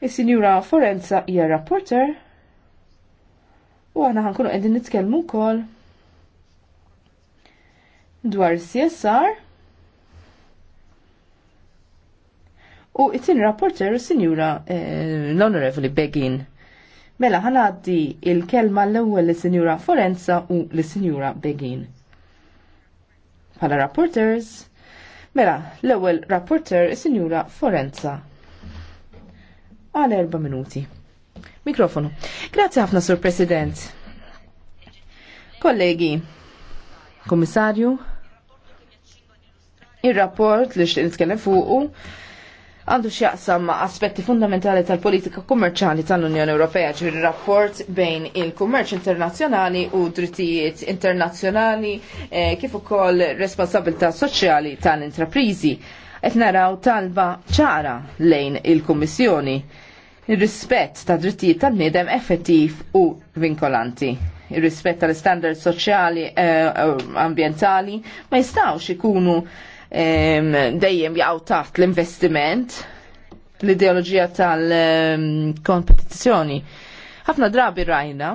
Is-Sinjura Forenza hija rapporter u għana ħankunu qegħdin nitkellmu wkoll dwar CSR u it-tin rapporter is-Sinjura eh, l-Onorevoli Begin. Mela għaddi il-kelma l-ewwel lis-Sinjura Forenza u lis-Sinjura Begin. Pala rapporters, mela l-ewwel rapporter is-Sinjura Forenza għal erba' minuti. Mikrofonu. Grazzi ħafna, Sur President. Kollegi, Komissarju, il-rapport li xtiq nitkellem fuqu għandu x'jaqsam ma' aspetti fundamentali tal-politika kummerċali tal-Unjoni Ewropea ġir rapport bejn il-kummerċ internazzjonali u drittijiet internazzjonali eh, kif ukoll responsabilità soċjali tal-intraprizi. Qed naraw talba ċara lejn il-Kummissjoni ir-rispett ta' drittijiet tal-bniedem effettiv u vinkolanti. Ir-rispett tal-standard soċjali eh, eh, ambientali ma jistawx ikunu eh, dejjem jaqgħu taħt l-investiment l-ideoloġija tal-kompetizzjoni. Ħafna drabi rajna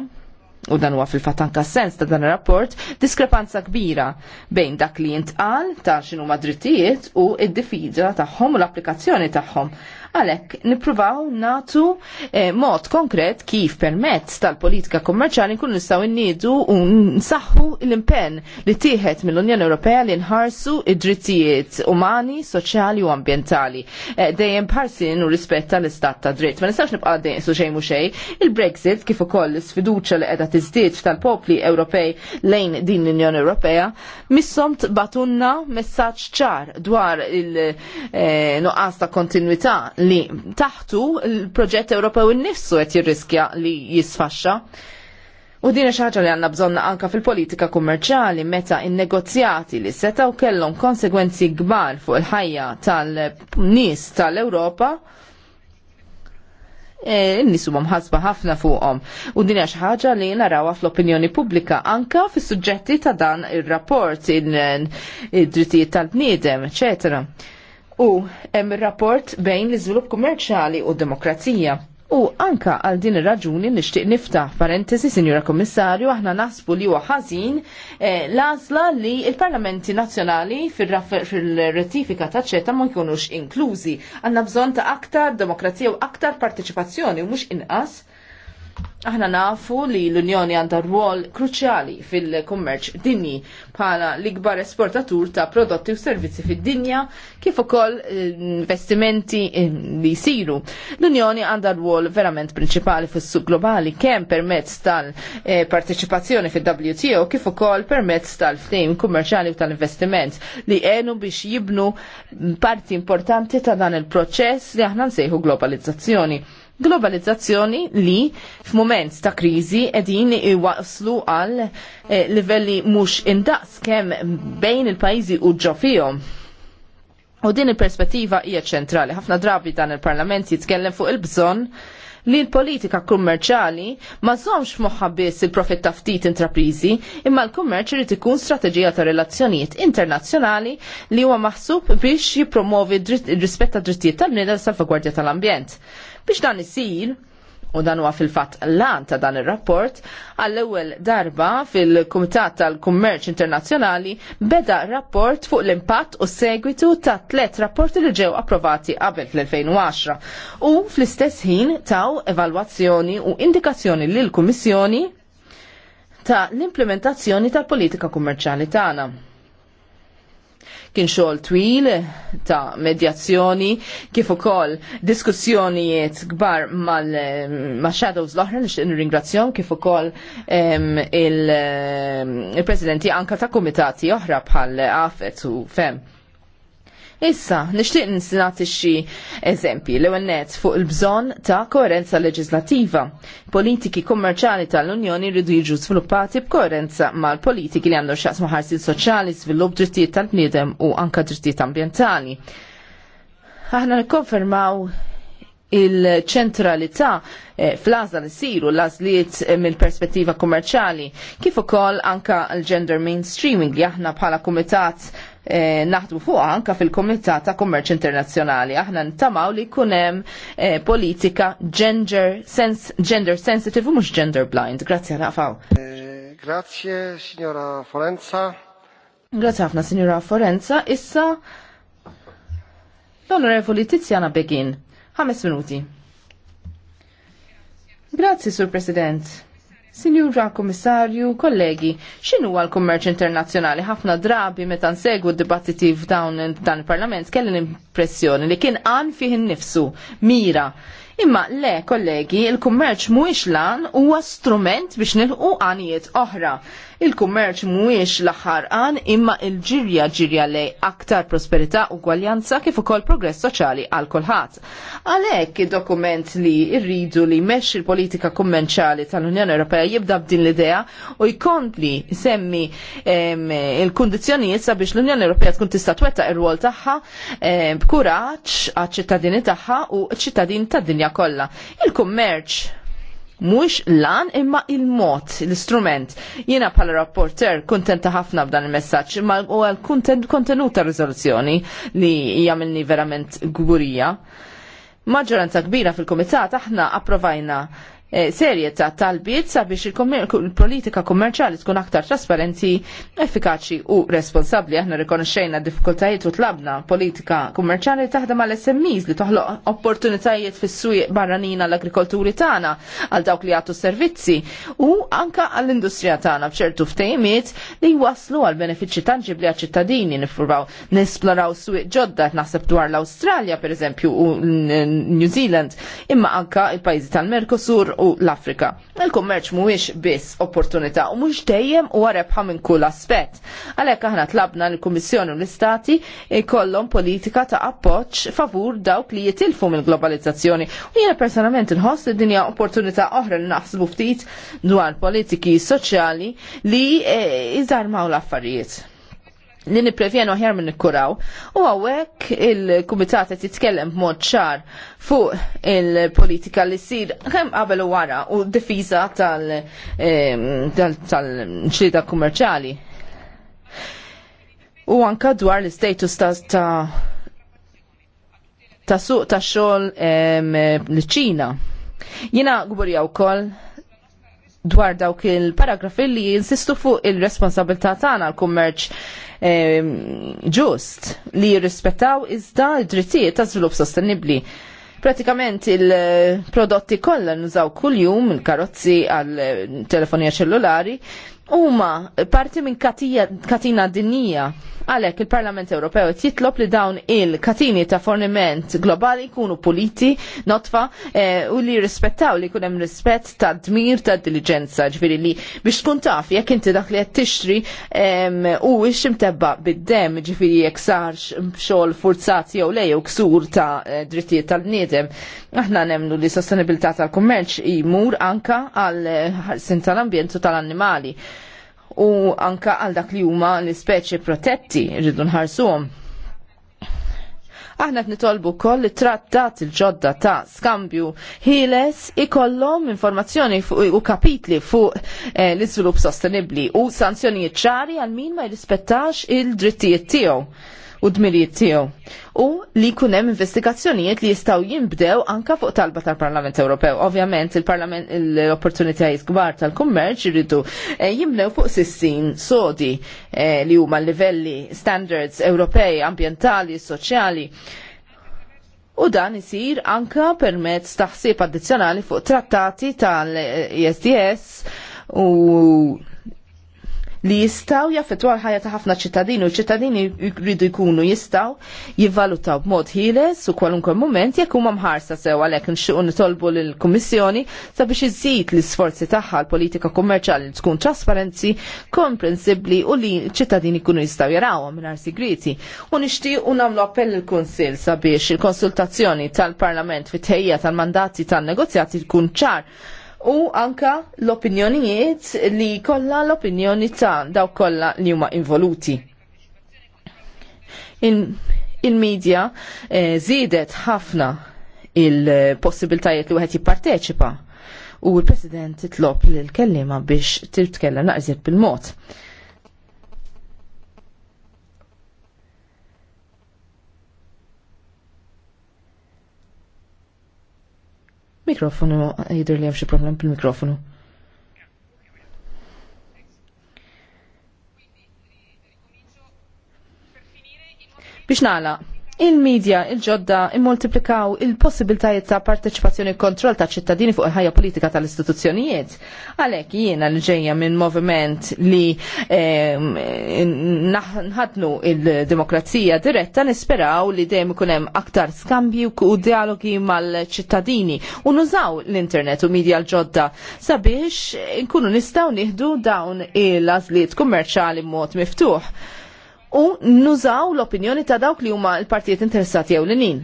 u dan huwa fil-fatt anka sens ta' dan ir-rapport, diskrepanza kbira bejn dak li jintqal ta' x'inhu drittijiet u id-difiża tagħhom u l-applikazzjoni tagħhom. Għalhekk nippruvaw natu eh, mod konkret kif permezz tal-politika kommerċali nkunu nistgħu nniedu u nsaħħu l-impenn li tieħed mill-Unjoni Ewropea li nħarsu id-drittijiet umani, soċjali u ambjentali. Eh, dejjem parsin u rispett tal-istat ta' dritt. Ma nistax nibqa' dejjem su xejn xej. Il-Brexit kif ukoll l-sfiduċa li qiegħda tiżdied tal-popli Ewropej lejn din l-Unjoni Ewropea, missom tbatunna messaġġ ċar dwar il-nuqqas eh, ta' kontinuità li taħtu l-proġett Ewropew innifsu qed jirriskja li jisfaxxa. U din xaġa li għanna bżonna anka fil-politika kummerċali meta in-negozjati li setaw kellhom konsegwenzi kbar fuq il-ħajja tal-nies tal-Ewropa e, n-nis huma mħasba ħafna fuqhom. U din hija ħaġa li narawha fl-opinjoni pubblika anka fis-suġġetti ta' dan ir-rapport, id-drittijiet tal-bniedem, eċetera u hemm rapport bejn l-iżvilupp kummerċjali u d-demokrazija. U anka għal din ir-raġuni nixtieq niftaħ parentesi, Sinjura Kommissarju, aħna naħsbu li huwa ħażin eh, l-għażla li l-Parlamenti Nazzjonali fir rettifika ta' ċeta ma jkunux inklużi. Għandna bżonn ta' aktar demokrazija u aktar parteċipazzjoni u mhux inqas Aħna nafu li l-Unjoni għandha rwol kruċjali fil-kummerċ dinji bħala l-ikbar esportatur ta' prodotti u servizzi fid-dinja kif ukoll eh, investimenti eh, li jsiru. L-Unjoni għandha rwol verament prinċipali fis-suq globali kemm permezz tal-parteċipazzjoni eh, fil-WTO kif ukoll permezz tal-ftehim kummerċjali u tal-investiment li għenu biex jibnu parti importanti ta' dan il-proċess li aħna nsejħu globalizzazzjoni globalizzazzjoni li f'mument ta' kriżi qegħdin iwaslu għal eh, livelli mhux indaqs kemm bejn il-pajjiżi u ġo fihom. U din il-perspettiva hija ċentrali. Ħafna drabi dan il-Parlament jitkellem fuq il-bżonn li l-politika kummerċali ma żomx moħħa biss il ta' ftit intraprizi, imma l-kummerċ irid ikun strateġija ta' relazzjonijiet internazzjonali li huwa maħsub biex jippromovi rispetta drittijiet tal-bniedem salvagwardja tal-ambjent. Biex dan isir, u dan huwa fil-fatt lan ta' dan ir-rapport, għall-ewwel darba fil-Kumitat tal-Kummerċ Internazzjonali beda rapport fuq l-impatt u segwitu ta' tliet rapporti li ġew approvati qabel fl-2010 u fl-istess ħin taw evalwazzjoni u indikazzjoni lill kummissjoni ta' l-implementazzjoni tal-politika kummerċjali tagħna. Kien xogħol twil ta' medjazzjoni kif ukoll diskussjonijiet kbar mal-shadows eh, l-oħra li nirringrazzjahom kif ukoll eh, il-presidenti anka ta' kumitati oħra bħal AFET u FEM. Issa, nixtieq nagħti xi eżempji l ewwel nett fuq il-bżonn ta' koerenza leġislattiva. Politiki kummerċali tal-Unjoni rridu jiġu sviluppati b'koerenza mal-politiki li għandu xaqsmu ħarsin soċali svilupp drittijiet tal-bniedem u anka drittijiet ambjentali. Aħna nikkonfermaw il-ċentralità eh, fl-għazla li siru l-għazliet eh, mill perspettiva kummerċali, kif ukoll anka l-gender mainstreaming li aħna bħala kumitat eh, fuq anka fil-Komitat ta' Kommerċ Internazzjonali. Aħna ntamaw li kunem eh, politika gender, sens, gender sensitive u mhux gender blind. Grazie għafaw. Eh, grazie, signora Forenza. Grazie ħafna, signora Forenza. Issa l-onorevoli Tiziana Begin. Ħames minuti. Grazie, Sur President. Sinjura Komissarju, kollegi, xinu għal l-kummerċ internazzjonali? Ħafna drabi meta nsegwu d-dibattiti f'dawn dan il-Parlament kelli l-impressjoni li kien għan fih innifsu, mira. Imma le, kollegi, il-kummerċ mhuwiex lan huwa strument biex nilqu għanijiet oħra. Il-kummerċ mhuwiex l-aħħar qan imma il-ġirja ġirja lej aktar prosperità u gwaljanza kif ukoll progress soċjali għal kulħadd. Għalhekk id-dokument li rridu li jmexxi il politika kummerċjali tal-Unjoni Ewropea jibda b'din l-idea u jkompli semmi il-kundizzjonijiet sabiex l-Unjoni Ewropea tkun tista' twetta ir-rwol tagħha b'kuraġġ għaċ-ċittadini tagħha u ċ-ċittadin tad-dinja kollha. Il-kummerċ mhux lan imma il-mod, l-istrument. Jiena bħala rapporter kuntenta ħafna b'dan il-messaġġ, ma huwa l-kontenut tar-riżoluzzjoni li jamilni verament gburija. Maġġoranza kbira fil-Kumitat aħna approvajna Eh, serje ta' talbiet sabiex il-politika kummerċjali tkun aktar trasparenti, effikaċi u responsabli. Aħna rikonoxxejna diffikultajiet u tlabna politika kummerċjali taħdem għal SMEs li toħloq opportunitajiet fis-swieq barranin għall agrikolturi tagħna għal dawk li għatu servizzi u anka għall-industrija tagħna b'ċertu ftejmiet li waslu għal benefiċċji tanġibli għal ċittadini nifurbaw nesploraw swieq ġodda naħseb dwar l-Awstralja pereżempju u New Zealand imma anka il-pajjiżi tal-Merkosur u l-Afrika. Il-kummerċ mhuwiex biss opportunità u mhux dejjem u rebħa minn kull aspett. Għalhekk aħna tlabna l-Kummissjoni u l-Istati jkollhom politika ta' appoġġ favur dawk li jitilfu mill-globalizzazzjoni. U jiena personalment inħoss li dinja opportunità oħra li naħsbu ftit dwar politiki soċjali li eh, iżarmaw l-affarijiet li niprevjenu ħjar minn nikkuraw. U għawek il-Kumitat qed jitkellem b'mod ċar fuq il-politika li sir kemm qabel u wara u difiża tal-ċlida kummerċali. U anka dwar l-istatus ta' ta' suq ta' xogħol l-Ċina. Jina gburja wkoll dwar dawk il-paragrafi li jinsistu fuq il-responsabilità tagħna l-kummerċ ehm, ġust li jirrispettaw iżda d-drittijiet ta' żvilupp sostenibbli. Pratikament il-prodotti kollha nużaw kuljum il-karozzi għal telefonija ċellulari huma parti minn katina dinija. Għalek il-Parlament Ewropew qed jitlob li dawn il-katini ta' forniment globali jkunu puliti, notfa eh, u li rispettaw li jkun hemm rispett ta' dmir ta' diligenza, ġifieri li biex tkun taf jekk inti dak li qed tixtri u wix imtebba bid-dem, ġifieri jekk sarx xogħol furzat jew lej u ksur ta' eh, drittijiet tal-bniedem. Aħna nemnu li sostenibilità tal-kummerċ jmur anka għal ħarsin tal-ambjent u tal-annimali. tal tal ambjent u tal annimali u anka għal dak li huma l-ispeċi protetti rridu nħarsuhom. Aħna qed nitolbu wkoll li trattat il-ġodda ta' skambju ħieles ikollhom informazzjoni u kapitli fuq eh, l-iżvilupp sostenibbli u sanzjonijiet ċari għal min ma jirrispettax il-drittijiet tiegħu u dmirijiet tiegħu. U li jkun hemm investigazzjonijiet li jistgħu jinbdew anka fuq talba tal-Parlament Ewropew. Ovvjament il-Parlament l-opportunitajiet kbar tal-kummerċ irridu eh, jimlew fuq sissin sodi eh, li huma livelli standards Ewropej, ambjentali, soċjali. U dan isir anka permezz taħsib addizzjonali fuq trattati tal-ISDS u li jistaw jaffetwa ħajja ta' ħafna ċittadini u ċittadini jridu jkunu jistaw jivvalutaw b'mod ħieles u kwalunkwe moment jekk huma mħarsa sew għalhekk nixtiequ nitolbu lill kummissjoni sabiex iżid l-isforzi tagħha l-politika kummerċjali tkun trasparenzi, komprensibbli u li ċittadini jkunu jistaw jarawhom mingħajr sigriti. U nixtiequ nagħmlu appell il-Kunsill sabiex il-konsultazzjoni tal-Parlament fit-tejja tal-mandati tan-negozjati tkun ċar u anka l-opinjonijiet li kollha l-opinjoni ta' daw kollha li huma involuti. Il-medja il eh, zidet ħafna il-possibiltajiet li wieħed jipparteċipa u l-President titlob l kellima biex titkellem naqżiet bil-mod. Mikrofonu, jidr li hemm xi problem bil-mikrofonu. Biex nagħlaq il-medja il-ġodda immultiplikaw il-possibiltajiet ta' parteċipazzjoni kontroll ta' ċittadini fuq il-ħajja politika tal-istituzzjonijiet. Għalek jiena l ġejja minn moviment li ehm, nħadnu il-demokrazija diretta nisperaw li dejjem ikun hemm aktar skambju u dialogi mal-ċittadini u nużaw l-internet u medja l-ġodda sabiex nkunu nistgħu nieħdu dawn il-għażliet kummerċali mod miftuħ u nużaw l-opinjoni ta' dawk li huma l-partijiet interessati jew l-inin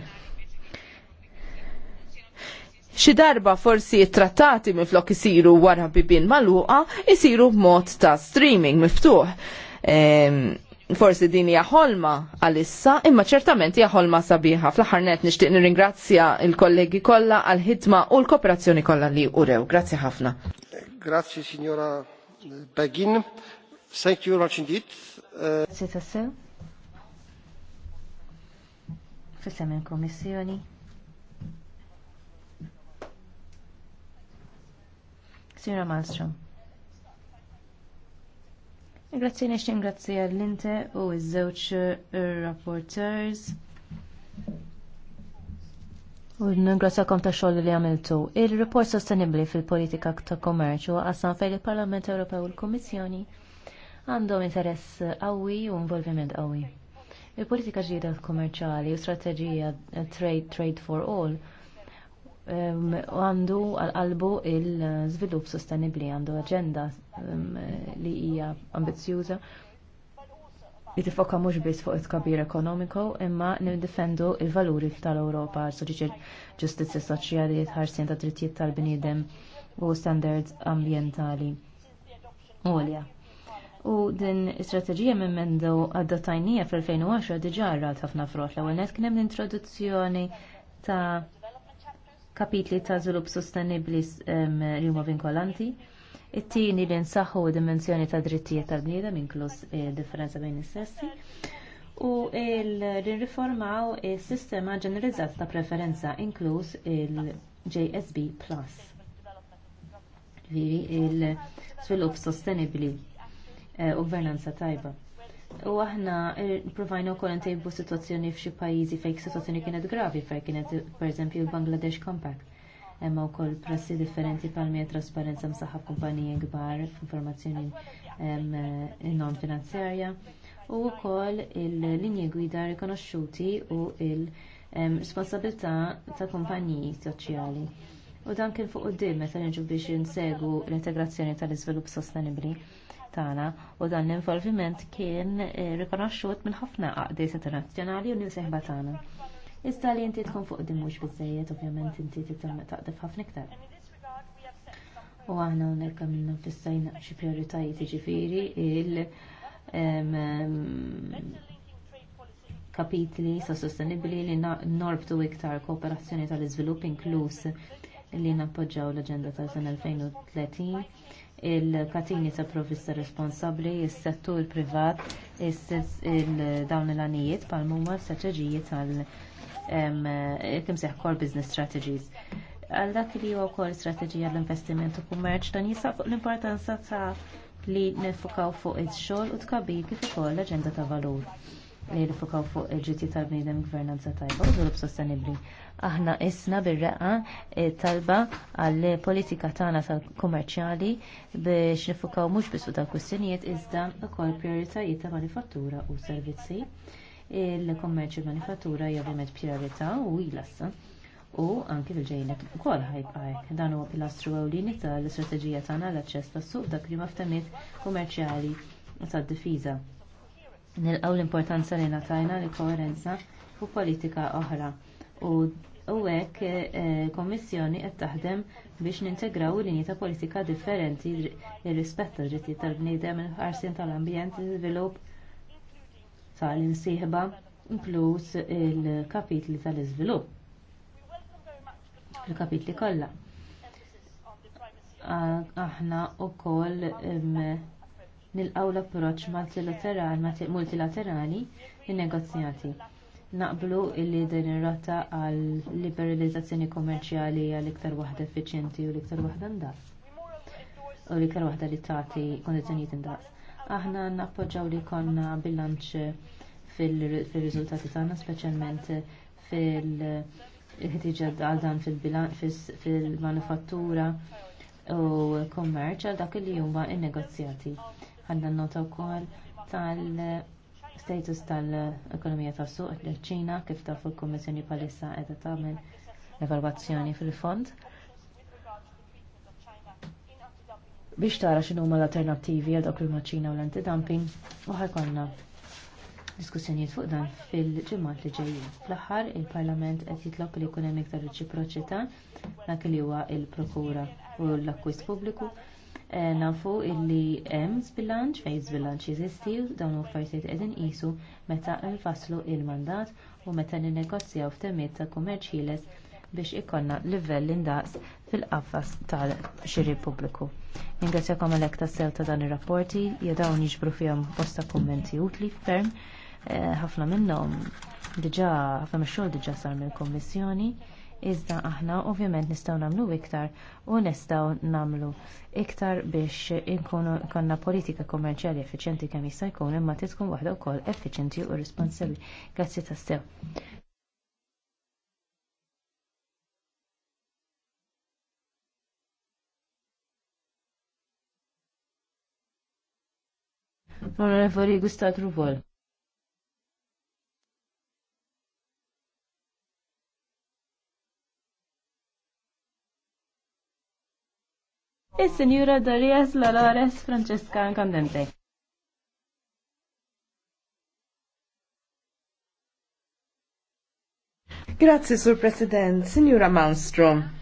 xi darba forsi trattati miflok isiru wara bibien magħluqa isiru b'mod ta' streaming miftuħ. Ehm, forsi din hija ħolma għalissa, imma ċertament hija ħolma sabiħa. Fl-aħħar net nixtieq nirringrazzja l-kollegi kollha għall ħidma u l-kooperazzjoni kollha li urew. Grazzi ħafna. Grazzi signora Begin. Thank you very much indeed. Grazie Fissem il-Komissjoni. Sira Malmström. Grazzi nix ingrazzi l-inte u iż-żewġ eh, rapporteurs. U ningrazzakom ta' xogħol li għamiltu. Il-report sostenibbli fil-politika ta' kommerċu għasan fejn il-Parlament Ewropew u l-Kummissjoni għandhom interess qawwi u involviment qawwi. Il-politika ġdida kummerċali u strateġija trade, trade for all um, għandu għal-qalbu il-żvilupp sostenibli għandu aġenda um, li hija ambizzjuża li tifoka mhux biss fuq it-kabir ekonomiku imma nindifendu l valuri tal-Ewropa soċiċi ġustizzja soċjali tħarsien ta' drittijiet tal-bniedem u standards ambjentali. Olja. U din istrateġija minn mendu għaddatajnija fil 2010 diġarra ħafna frot l-ewwel net kien hemm l-introduzzjoni ta' kapitli ta' żvilupp sostenibbli ehm, li huma vinkolanti. It-tieni li nsaħħu dimensjoni ta' drittijiet tal-bniedem inkluż eh, differenza bejn is-sessi. U l-riformaw is-sistema ġenerizzat ta' preferenza inkluż il-JSB Plus. Viri il svilup sostenibli Eh, u gvernanza tajba. U aħna eh, provajna wkoll ntejbu sitwazzjoni f'xi pajjiżi fejn situazzjoni kienet gravi fejn kienet pereżempju l-Bangladesh Compact. u koll prassi differenti palmi trasparenza msaħħa kumpaniji kbar f'informazzjoni eh, non finanzjarja u wkoll il-linji gwida rikonoxxuti u il-responsabilità ta' kumpaniji soċjali. U dan kien fuq quddiem meta niġu biex insegu l-integrazzjoni tal-iżvilupp sostenibbli tagħna u dan l-involviment kien eh, rikonoxxut minn ħafna qaqdiet internazzjonali u nimsieħba tagħna. Iżda li inti tkun fuq din mhux biżejjed, ovvjament inti taqdif ħafna iktar. U aħna hawnhekk għamilna fissajna xi prijoritajiet jiġifieri il kapitli sa sostenibbli li norbtu iktar kooperazzjoni tal-iżvilupp inkluż li nappoġġaw l-Aġenda tal-2030 il-katini ta' provvista responsabbli, is-settur privat, dawn il-għanijiet pal-mumma strateġiji tal- kim core business strategies. Għal dak li huwa wkoll strateġija l-investiment u kummerċ dan jisaq l-importanza ta' li nifukaw fuq ix-xogħol u tkabir kif ukoll l-aġenda ta' valur li nifukaw fuq il-ġiti tal-bnidem gvernanza tajba u żvilupp sostenibbli. Aħna isna bir-reqqa eh, talba għall politika tagħna tal-kummerċjali biex nifukaw mhux biss fuq tal-kwistjonijiet iżda wkoll prijoritajiet ta' manifattura u servizzi. Il-kummerċ u manifattura hija ovvjament prijorità u ilassa u anki fil-ġejnet ukoll ħajbqa dan huwa pilastru ewlieni tal-istrateġija tagħna l-aċċess tas-suq dak li ma ftemiet kummerċjali tad-difiża nilqaw l-importanza li natajna li koerenza fuq politika oħra. U hekk il-Kummissjoni eh, qed taħdem biex nintegraw linji ta' politika differenti ir-rispett tad drittijiet tal-bniedem il-ħarsien tal-ambjent iżvilupp tal-imsieħba inkluż il-kapitli tal-iżvilupp. Il-kapitli kollha. Aħna wkoll nilqaw l-approċ multilaterali in-negozjati. Naqblu illi din ir-rotta għal liberalizzazzjoni kommerċjali għal iktar waħda effiċjenti u l-iktar waħda ndaqs. U l-iktar waħda li tagħti kondizzjonijiet indaqs. Aħna nappoġġaw li konna bilanċ fil-riżultati tagħna speċjalment fil-ħtiġa għal dan fil-manufattura u kommerċ għal dak li huma n-negozjati n nota wkoll tal-status tal-ekonomija tas-suq l-Ċina kif taf il-Kummissjoni bħalissa qiegħda tagħmel evalwazzjoni fil-fond. biex tara xinu ma l alternativi għal dak il ċina u l-antidumping u ħajkonna diskussjonijiet fuq dan fil-ġimgħat li ġejjin. Fl-aħħar il-Parlament qed jitlob li jkun hemm iktar reċiproċità dak li huwa l-prokura u l-akkwist pubbliku Eh, nafu illi hemm zbilanċ fejn zbilanċ jeżisti dawn l-affarijiet qegħdin qisu meta nfasslu l mandat u meta ninnegozjaw f'temiet ta' kummerċ ħieles biex ikollna livell indaqs fil-qafas tal-xiri pubbliku. Ningrazzjakom għalhekk tassew ta' dan ir-rapporti, dawn jiġbru fihom bosta kummenti utli ferm, eh, ħafna minnhom diġà ħafna mix-xogħol diġà sar mill-Kummissjoni. Iżda aħna ovvjament nistgħu nagħmlu iktar u nistgħu nagħmlu iktar biex inkunu konna politika kummerċjali effiċjenti kemm jista' jkun imma tkun waħda wkoll effiċjenti u responsabbli. Grazzi tassew. Onorevoli Gustat Ruvol. is signora Darias Lalares Francesca Candente. Grazzi, Sur President, Signora Malmstrom.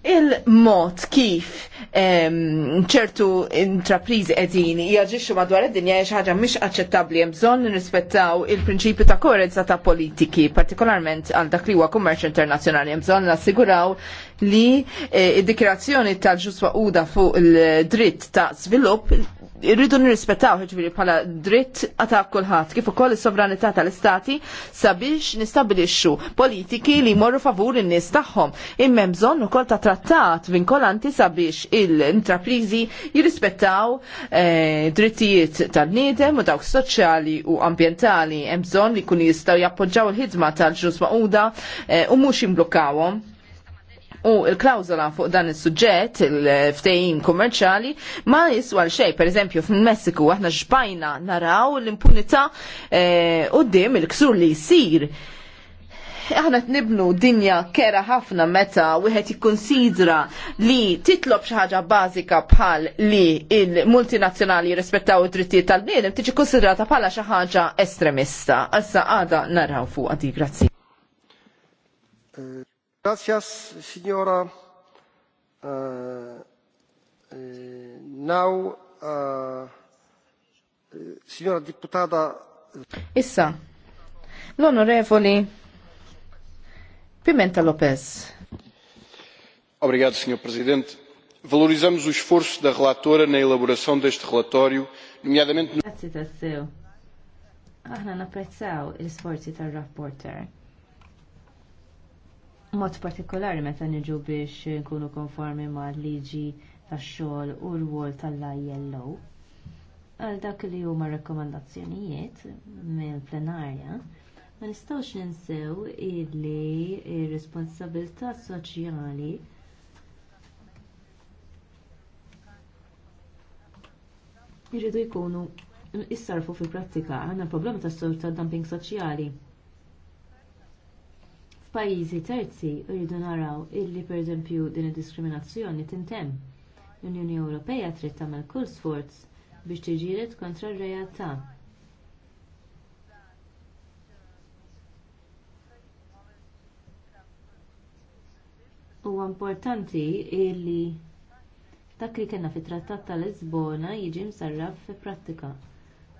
Il-mod kif ċertu intraprizi edin jaġixxu madwar id-dinja hija ħaġa mhix aċċettabbli hemm bżonn nirrispettaw il-prinċipju ta' koerenza ta' politiki, partikolarment għal dak li huwa kummerċ internazzjonali hemm bżonn nassiguraw li eh, id-dikrazzjoni tal-ġus uda fuq il-dritt ta' svilupp irridu nirrispettaw ħiġbiri bħala dritt għata' kulħadd kif ukoll is-sovranità tal-istati sabiex nistabilixxu politiki li jmorru favur in-nies tagħhom. Imma bżonn ukoll ta' trattat vinkolanti sabiex il-intraprizi jirrispettaw eh, drittijiet tan-niedem u dawk soċjali u ambjentali hemm bżonn li jkunu jistgħu jappoġġaw il-ħidma tal-ġus maquda eh, u mhux imblukkawhom. U il-klawzola fuq dan is-suġġett, il ftejim kummerċali, ma jiswal xej, per eżempju, fil-Messiku aħna xbajna naraw l-impunità u eh, dim il-ksur li jsir aħna nibnu dinja kera ħafna meta wieħed jikkonsidra li titlob xi ħaġa bażika bħal li il-multinazzjonali jirrispettaw id-drittijiet tal-bniedem tiġi konsidrata bħala xi ħaġa estremista. Issa għada naraw fuq għadi, grazzi. Eh, Gracias, signora. Uh, uh, now, uh, signora deputata. Issa, l-onorevoli Pimenta Lopez. Obrigado, senhor presidente. Valorizamos o esforço da relatora na elaboração deste relatório, nomeadamente no... Grazie, Tasseu. Aħna napprezzaw il sforzi tal rapporter mod partikolari meta niġu biex nkunu konformi mal liġi tax-xogħol u l-wol tal-ILO. Għal dak li huma rakkomandazzjonijiet mill-plenarja, ma nistgħux ninsew illi r-responsabilità soċjali jridu jkunu issarfu fil-prattika għandna problemi tas-sol ta' dumping soċjali f'pajjiżi terzi rridu naraw illi pereżempju din id-diskriminazzjoni tintemm. L-Unjoni Ewropea trid tagħmel kull sforz biex tiġilet kontra r-realtà. Huwa importanti illi dak li kellna fit-Trattat ta' Lisbona jiġi msarraf fi prattika.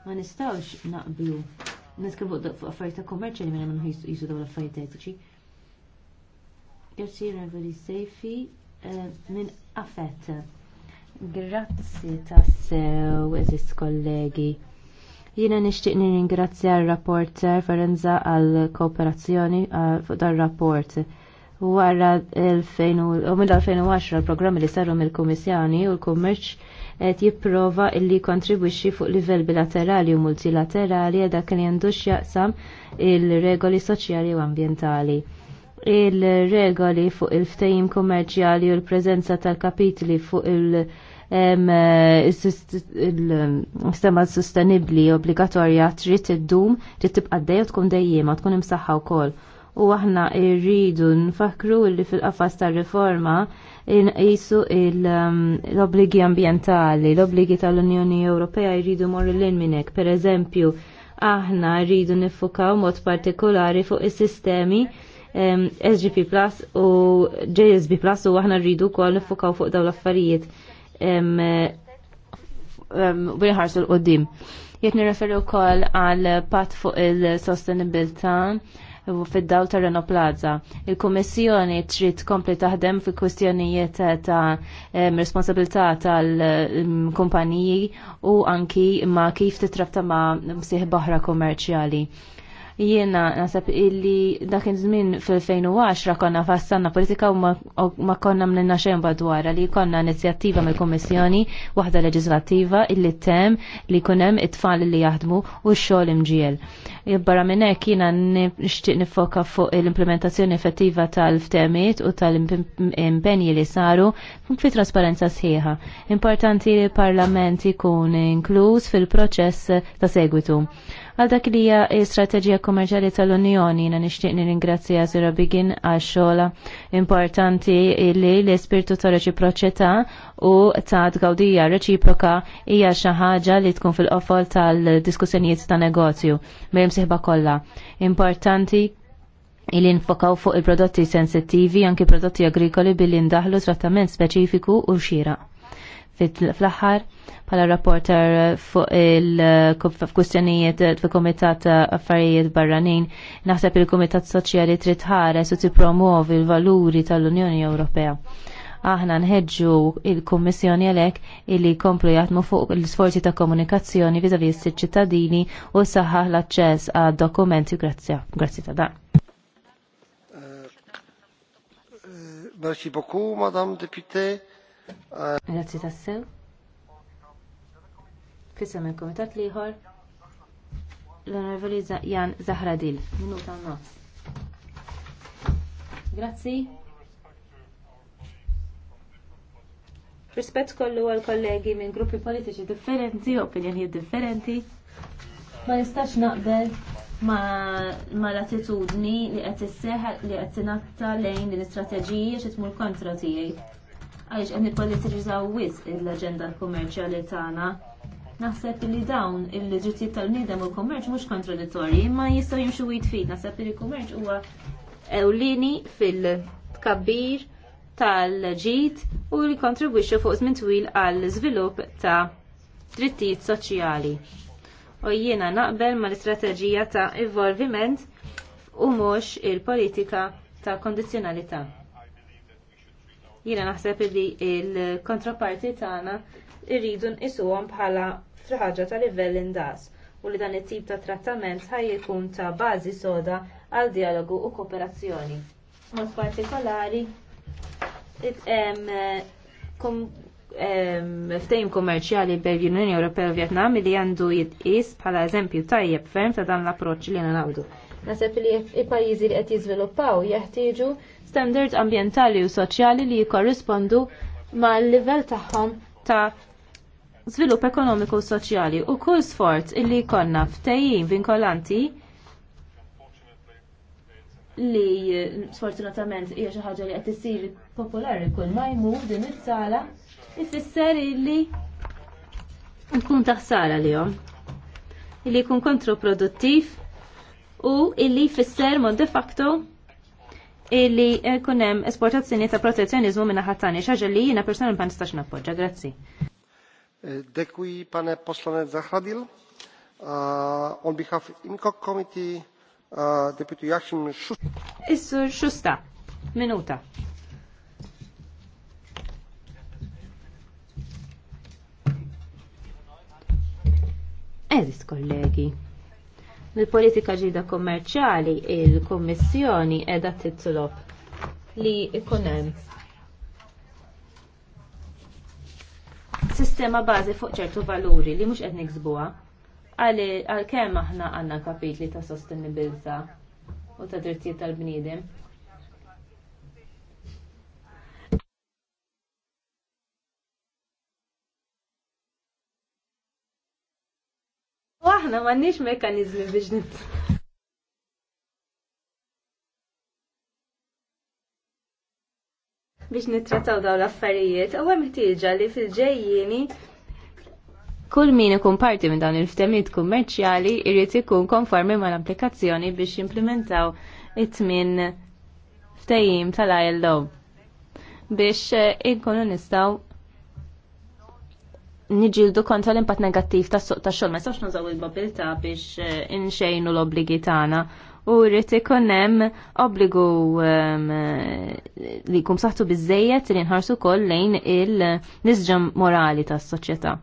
Ma nistgħux naqblu nitkellmu fuq affarijiet ta' kummerċ li minn jisu dawn l-affarijiet etiċi. Grazzi Reveli Sejfi eh, minn affett. Grazzi tassew, eżis kollegi. Jina nishtiq ringrazzja r-rapporter Ferenza għal kooperazzjoni eh, fuq dar rapport Wara l-2010 l-programmi li saru mill-Kummissjoni u l-Kummerċ qed jipprova illi kontribwixxi fuq livell bilaterali u multilaterali dak li għandux jaqsam il-regoli soċjali u ambjentali il-regoli fuq il-ftejim kommerċjali u l-prezenza tal-kapitli fuq eh, il-sistema sostenibli obbligatorja trid iddum trid tibqa' dejja tkun dejjiema tkun imsaħħa wkoll. U aħna rridu nfakru li fil-qafas tar-riforma jqisu l-obligi ambientali, l-obligi tal-Unjoni Ewropea jridu morru l-in minnek, Pereżempju, aħna rridu nifukaw mod partikolari fuq is-sistemi SGP Plus u JSB Plus u aħna rridu kol nifukaw fuq daw l-affarijiet biħarsu l-qoddim. Jek nirreferi u kol għal pat fuq il-sostenibilta u fid-daw ta' Reno Plaza. il komissjoni trid kompli taħdem fi kwistjonijiet ta' responsabilità tal-kumpaniji u anki ma' kif titrafta ma' msieħ boħra kommerċjali. Jiena nasab illi dakin żmien fil-2010 konna fassanna politika u ma konna mnenna xejn badwara li konna inizjattiva mill-Kommissjoni waħda leġislattiva illi tem li kunem it-tfal li jaħdmu u x-xogħol imġiel. Barra minn hekk jiena nixtieq nifoka fuq l-implementazzjoni effettiva tal-ftemiet u tal-impenji li saru fi trasparenza sħiħa. Importanti li l-Parlament ikun inkluż fil-proċess ta' segwitu għal dak li hija strateġija tal-Unjoni na nixtieq nirringrazzja Zira Bigin għal xogħla importanti li l-ispirtu ta' reċiproċità u ta' tgawdija reċiproka hija xi ħaġa li tkun fil-qofol tal-diskussjonijiet ta' negozju mill sieħba kollha. Importanti li nfokaw fuq il-prodotti sensittivi anki prodotti agrikoli billi ndaħlu trattament speċifiku u xira fl-aħħar pala rapporter fuq il-kustjonijiet fil komitat affarijiet barranin. Naħseb il-Komitat Soċjali trid ħares u tippromovi l-valuri tal-Unjoni Ewropea. Aħna nħedġu il-Kummissjoni għalek illi komplu jaħdmu fuq l-sforzi ta' komunikazzjoni vizavi s-ċittadini u saħħaħ l-aċċess għad dokumenti grazzja. Grazzi ta' dan. Eh, eh, merci beaucoup, Madame Députée. Grazzi tassew. Fissam il-komitat liħor. L-onorevoli Jan Zahradil. Minuta nofs. Grazzi. Rispett kollu għal kollegi minn gruppi politiċi differenti, opinjoni differenti. Ma nistax naqbel ma l-attitudni li qed isseħħ li qed tinatta lejn l-istrateġija xi tmur kontra tiegħi Għax qed nipolitizzaw wisq l-aġenda kummerċjali tagħna. Naħseb li dawn il-ġittijiet tal nidem u l-kummerċ mhux kontradittorji, imma jistgħu jimxu wid fit. Naħseb li l-kummerċ huwa ewlieni fil-tkabbir tal ġit u li kontribwixxu fuq żmien twil għall iżvilupp ta' drittijiet soċjali. U jiena naqbel mal istrateġija ta' involviment u mhux il-politika ta' kondizzjonalità. Jiena naħseb li il-kontraparti tagħna irridu nqisuhom bħala ħaġa ta' livell indas u li dan it-tip ta' trattament ħaj jkun ta' bażi soda għal dialogu u kooperazzjoni. Mod partikolari ftehim kummerċjali bejn l-Unjoni Ewropea u Vjetnam li għandu jitqis bħala eżempju tajjeb ferm ta' dan l-approċċ li għandu. Naseb li il-pajjiżi li qed jiżviluppaw jeħtieġu standards ambjentali u soċjali li jikorrispondu mal-livell tagħhom ta' żvilupp ekonomiku u soċjali u kull sforz illi jkollna ftehim vinkolanti li sfortunatament hija xi ħaġa li qed issir popolari kull ma jmur din is-sala ifisser illi nkun taħsara lihom. Illi jkun kontroproduttiv u illi fisser mod de facto illi eh, kunem esportazzjoni ta' protezzjonizmu minna ħattani xaġa li jina personal pan stax nappoġġa. Grazzi. Eh, dekwi pane poslanec Zahradil. Uh, on behalf of IMCOC committee, uh, Deputy Yashim Shusta. Issu Shusta, minuta. Edis kollegi mill-politika ġida kommerċjali il-Kommissjoni edha titlob li ikun hemm sistema bażi fuq ċertu valuri li mhux qed niksbuha għalkemm aħna għandna kapitli ta' sostenibilità u ta' drittijiet tal-bniedem aħna m'għandniex mekkaniżmi biex biex nittrattaw daw l-affarijiet, u għem ħtieġa li fil-ġejjini kull min ikun parti minn dawn il-ftemiet kummerċjali irrid ikun konformi mal applikazzjoni biex jimplementaw it-tmin ftejim tal-ILO biex inkunu nistaw niġildu kontra l-impatt negattiv tas suq tax xogħol ma sawx nużaw il-mobilità biex eh, inxejnu l-obbligi tagħna u rrit ikun hemm obbligu ehm, li jkun saħtu biżejjed li nħarsu wkoll lejn il-nisġem morali tas-soċjetà.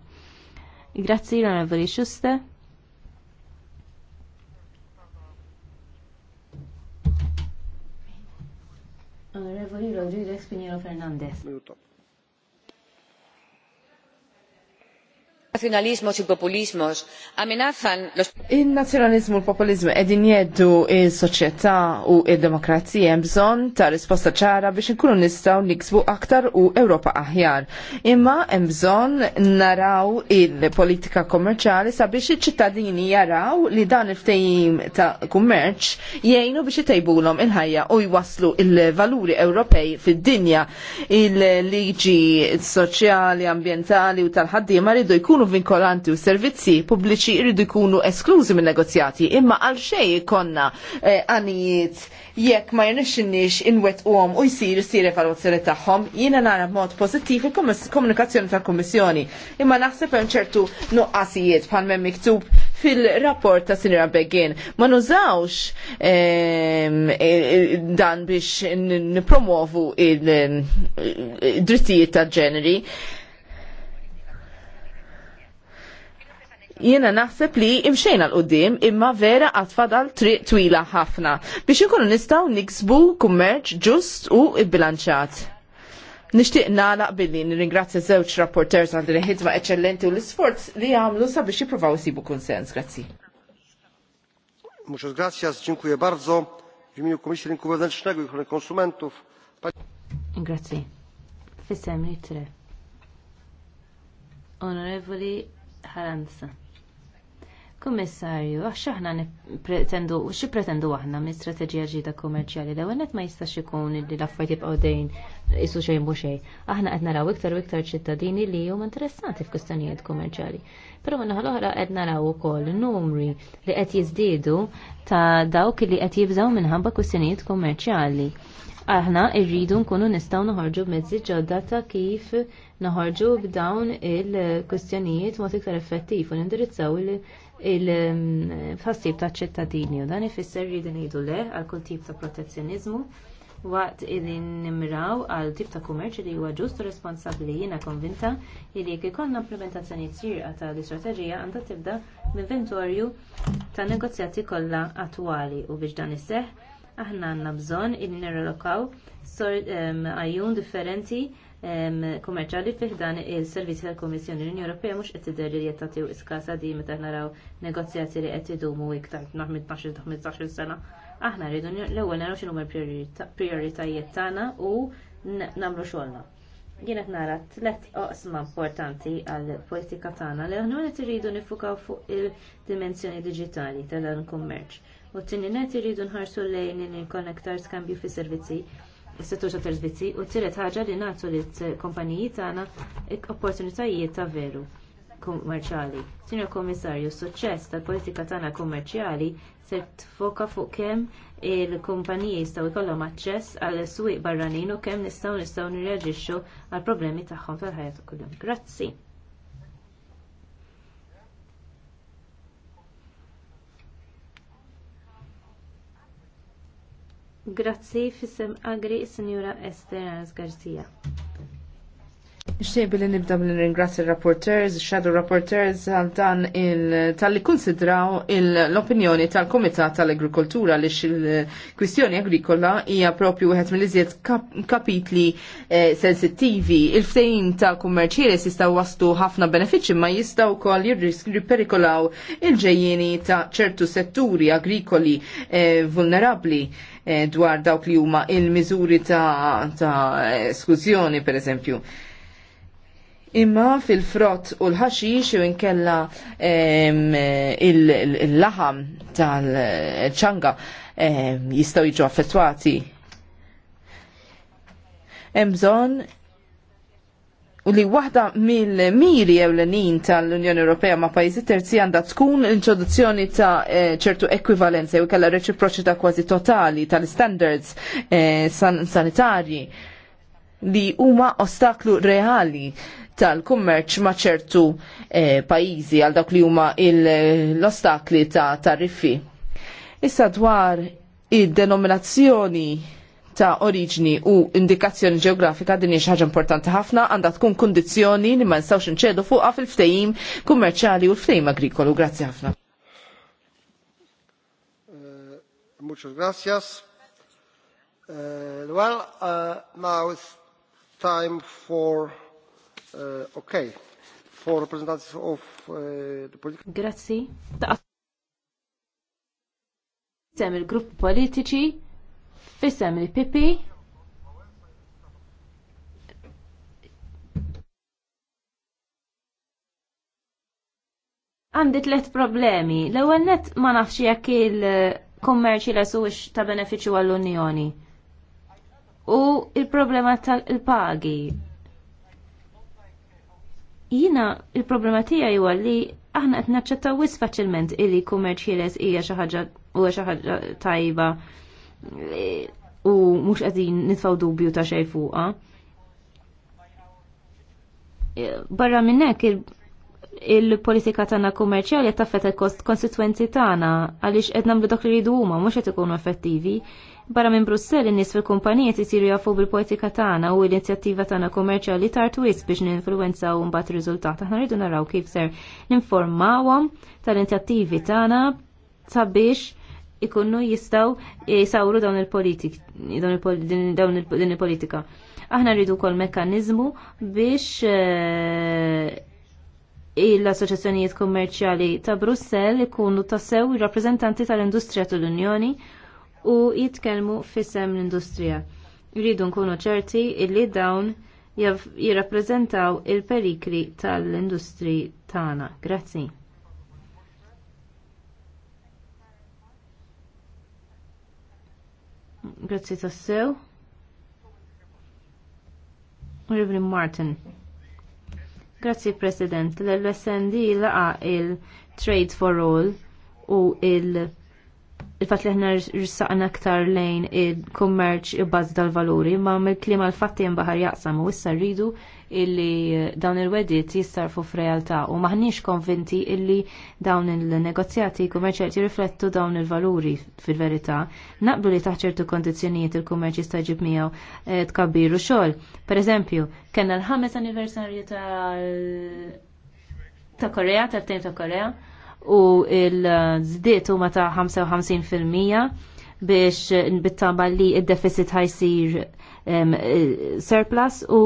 Grazzi Ronevoli Xuste. Onorevoli Rodriguez Pinheiro Fernandez. nazzjonalizmos u populismos amenazan il nazjonalizmu u l-populizmu edin jeddu il-soċjetà u il-demokrazija hemm bżonn ta' risposta ċara biex inkunu nistgħu niksbu aktar u Ewropa aħjar. Imma hemm bżonn naraw il-politika kommerċali sabiex iċ-ċittadini jaraw li dan il ftejim ta' kummerċ jgħinu biex jtejbulom il-ħajja u jwaslu il-valuri Ewropej fid-dinja il-liġi soċjali, ambjentali u tal-ħaddiema ridu jkunu jkunu vinkolanti u servizzi pubbliċi jridu jkunu esklużi minn negozjati imma għal xej konna għanijiet jekk ma jirnexxinniex inwet għom u jsir jisir evaluazzjoni tagħhom jiena nara mod pożittiv il-komunikazzjoni tal-Kummissjoni imma naħseb hemm ċertu nuqqasijiet bħal hemm miktub fil-rapport ta' Sinira Begin. Ma nużawx dan biex nipromovu il-drittijiet tal-ġeneri. jiena naħseb li imxejna l-qoddim imma vera għatfadal triq twila ħafna biex ikunu nistaw niksbu kummerċ ġust u bilanċat. Nishtiq nalaq billi nirringrazzja żewġ rapporters għal din ħidma eċċellenti u l-isforz li għamlu sabiex jippruvaw jisibu konsens. Grazzi. Muchas gracias, dziękuję bardzo. W imieniu Komisji Rynku Wewnętrznego i Ochrony Konsumentów. Grazzi. Fissem litre. Onorevoli Haranza. Kummissarju, għax aħna pretendu, xi pretendu aħna minn strateġija ġdida kummerċjali l għennet ma jistax ikun li l-affarijiet jibqgħu dejn isu xejn mhux xejn. Aħna qed naraw iktar u iktar ċittadini li huma interessati f'kustanijiet kummerċjali. Però minn l-oħra qed naraw ukoll numri li qed jiżdiedu ta' dawk li qed jibżgħu minħabba kwistjonijiet kummerċjali aħna rridu nkunu nistgħu noħorġu b'mezzi ġodda ta' kif noħorġu b'dawn il-kwistjonijiet mod iktar effettiv u nindirizzaw il fassib ta' ċittadini u dan ifisser li din le għal kull tip ta' protezzjonizmu waqt illi nimraw għal tip ta' kummerċ li huwa ġust u responsabbli jiena konvinta li jekk ikollna implementazzjoni tsirqa ta' l-istrateġija għandha tibda minventorju ta' negozjati kollha attwali u biex dan isseħħ aħna għandna bżonn illi nirrelokaw għajjun differenti kummerċali fih dan il-servizzi tal-Komissjoni l-Unjoni Ewropea mhux qed tidher li qed tagħtiw iskasa di meta naraw negozjati li qed idumu iktar minn 12-15 sena. Aħna rridu l-ewwel naraw x'inhuma l-prijoritajiet tagħna u nagħmlu xogħolna. Jien qed nara tliet oqsma importanti għall politika tagħna li aħna qed irridu nifukaw fuq il-dimensjoni diġitali tal-kummerċ. U t-tini nett irridu nħarsu lejn in-konnektar skambju fi servizzi settur ta' servizzi u t-tielet ħaġa li nagħtu lill kumpaniji tagħna opportunitajiet ta' veru kummerċjali. Sinjor Kommissarju, s-suċċess tal-politika tagħna kummerċjali se tfoka fuq kemm il-kumpaniji jistgħu jkollhom aċċess għal swieq barranin u kemm nistgħu nistgħu nirreġixxu għall problemi tagħhom tal-ħajja kulhom. Grazzi. Grazzi fissem agri Signora Esther Garcia. Nixtieq billi nibda mill ringrazzi rapporteurs, shadow rapporteurs għal dan tal-li konsidraw l-opinjoni tal-Komitat tal-Agrikoltura li il-kwistjoni agrikola hija propju wieħed mill-iżjed kapitli eh, sensittivi. Il-ftehim tal-kummerċieri jistgħu wastu ħafna benefiċċji ma jistgħu wkoll jirriperikolaw il-ġejjieni ta' ċertu setturi agrikoli eh, vulnerabbli eh, dwar dawk li huma il-miżuri ta', ta eskużjoni per eżempju. Imma fil-frott u l-ħaxix u inkella il-laħam tal-ċanga jistaw jiġu affettwati. Emżon u li waħda mill-miri ewlenin tal-Unjoni Ewropea ma' pajzi terzi għandha tkun l-introduzzjoni ta' eh, ċertu ekwivalenza u kalla reċiproċità kważi totali tal-standards eh, sanitarji li huma ostaklu reali tal-kummerċ ma' ċertu eh, pajizi għal dak li huma l-ostakli ta' tariffi. Issa dwar id-denominazzjoni ta' oriġni u indikazzjoni ġeografika din hija ħaġa importanti ħafna għandha tkun kundizzjoni li ma nistgħux inċedu fuqha fil-ftehim kummerċjali u l-ftehim agrikolu. Grazzi ħafna. Eh, muchas gracias. Uh, well, uh, now it's time for Uh, okay. For representatives of uh, the political... Grazzi. Sem il-grupp politiċi, fissem il pipi għandi tlet problemi. L-ewwel net ma nafx jekk il-kummerċi la suwix ta' benefiċċju għall-Unjoni. U il-problema tal-pagi. Jina il-problema tiegħi li aħna qed naċċettaw wis faċilment illi kummerċ ħieles hija xi ħaġa huwa xi ħaġa tajba u mhux qegħdin nitfgħu dubju ta' xejn fuqha. Barra minn hekk il-politika tagħna tana qed taffet il-kost konsistwenzi tagħna għaliex qed nagħmlu dak li ridu huma mhux qed ikunu effettivi. Barra minn Brussell in-nies fil-kumpanijiet isiru jafu bil-politika tagħna u l-inizjattiva tagħna kummerċjali tartu wis biex ninfluwenza u mbagħad ir-riżultat. Aħna rridu naraw kif ser ninformawhom tal-inizjattivi tagħna sabiex ikunnu jistaw jisawru dawn il-politika. Aħna rridu kol mekkaniżmu biex eh, l-assoċjazzjonijiet kummerċjali ta' Brussell ikunu tassew rappreżentanti tal-industrija tal-Unjoni u jitkellmu fissem l-industrija. Jridu nkunu ċerti illi dawn jirrappreżentaw il-perikli tal-industri tagħna. Grazzi. Grazzi tassew. Reverend Martin. Grazzi President. L-LSND laqa il-Trade for All u il- il-fat li ħna rissaqna aktar lejn il-kummerċ ibbaż dal-valuri, ma mill-klim għal-fatti jimbaħar jaqsam u issa rridu illi eh, dawn il-wedit jistarfu f'realtà u maħniex konvinti illi dawn il-negozjati kummerċjali jirriflettu dawn il-valuri fil-verità. Naqblu li taħt ċertu il-kummerċ jista' ġib miegħu eh, tkabbiru xogħol. Pereżempju, kellna l-ħames anniversarju ta' ta' Korea, tal-tejn ta' Korea, u il-żdiet huma ta' 55% biex nbittaba li id-deficit ħajsir surplus u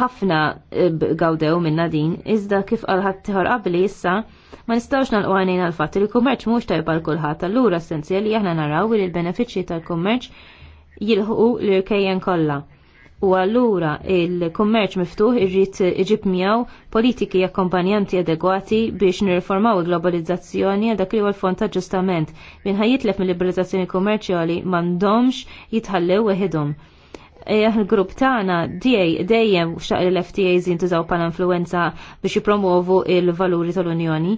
ħafna eh, gawdew minna din, iżda kif għalħat tħor qabli issa, ma nistawx nalqu għanin għal-fat li l-kummerċ mux tajba l-kulħat, allura essenzjali aħna naraw li l-benefiċi tal-kummerċ jilħu l-irkejjen kollha u allura il-kummerċ miftuħ irrid iġib miegħu politiki akkompanjanti adegwati biex nirriformaw il-globalizzazzjoni għal dak li l-fond ta' ġustament minn ħajitlef mill-liberalizzazzjoni kummerċjali m'għandhomx jitħallew weħidhom. Eh, il-grupp tagħna dejjem xtaq l fta jintużaw bħala influenza biex jipromuovu il-valuri tal-Unjoni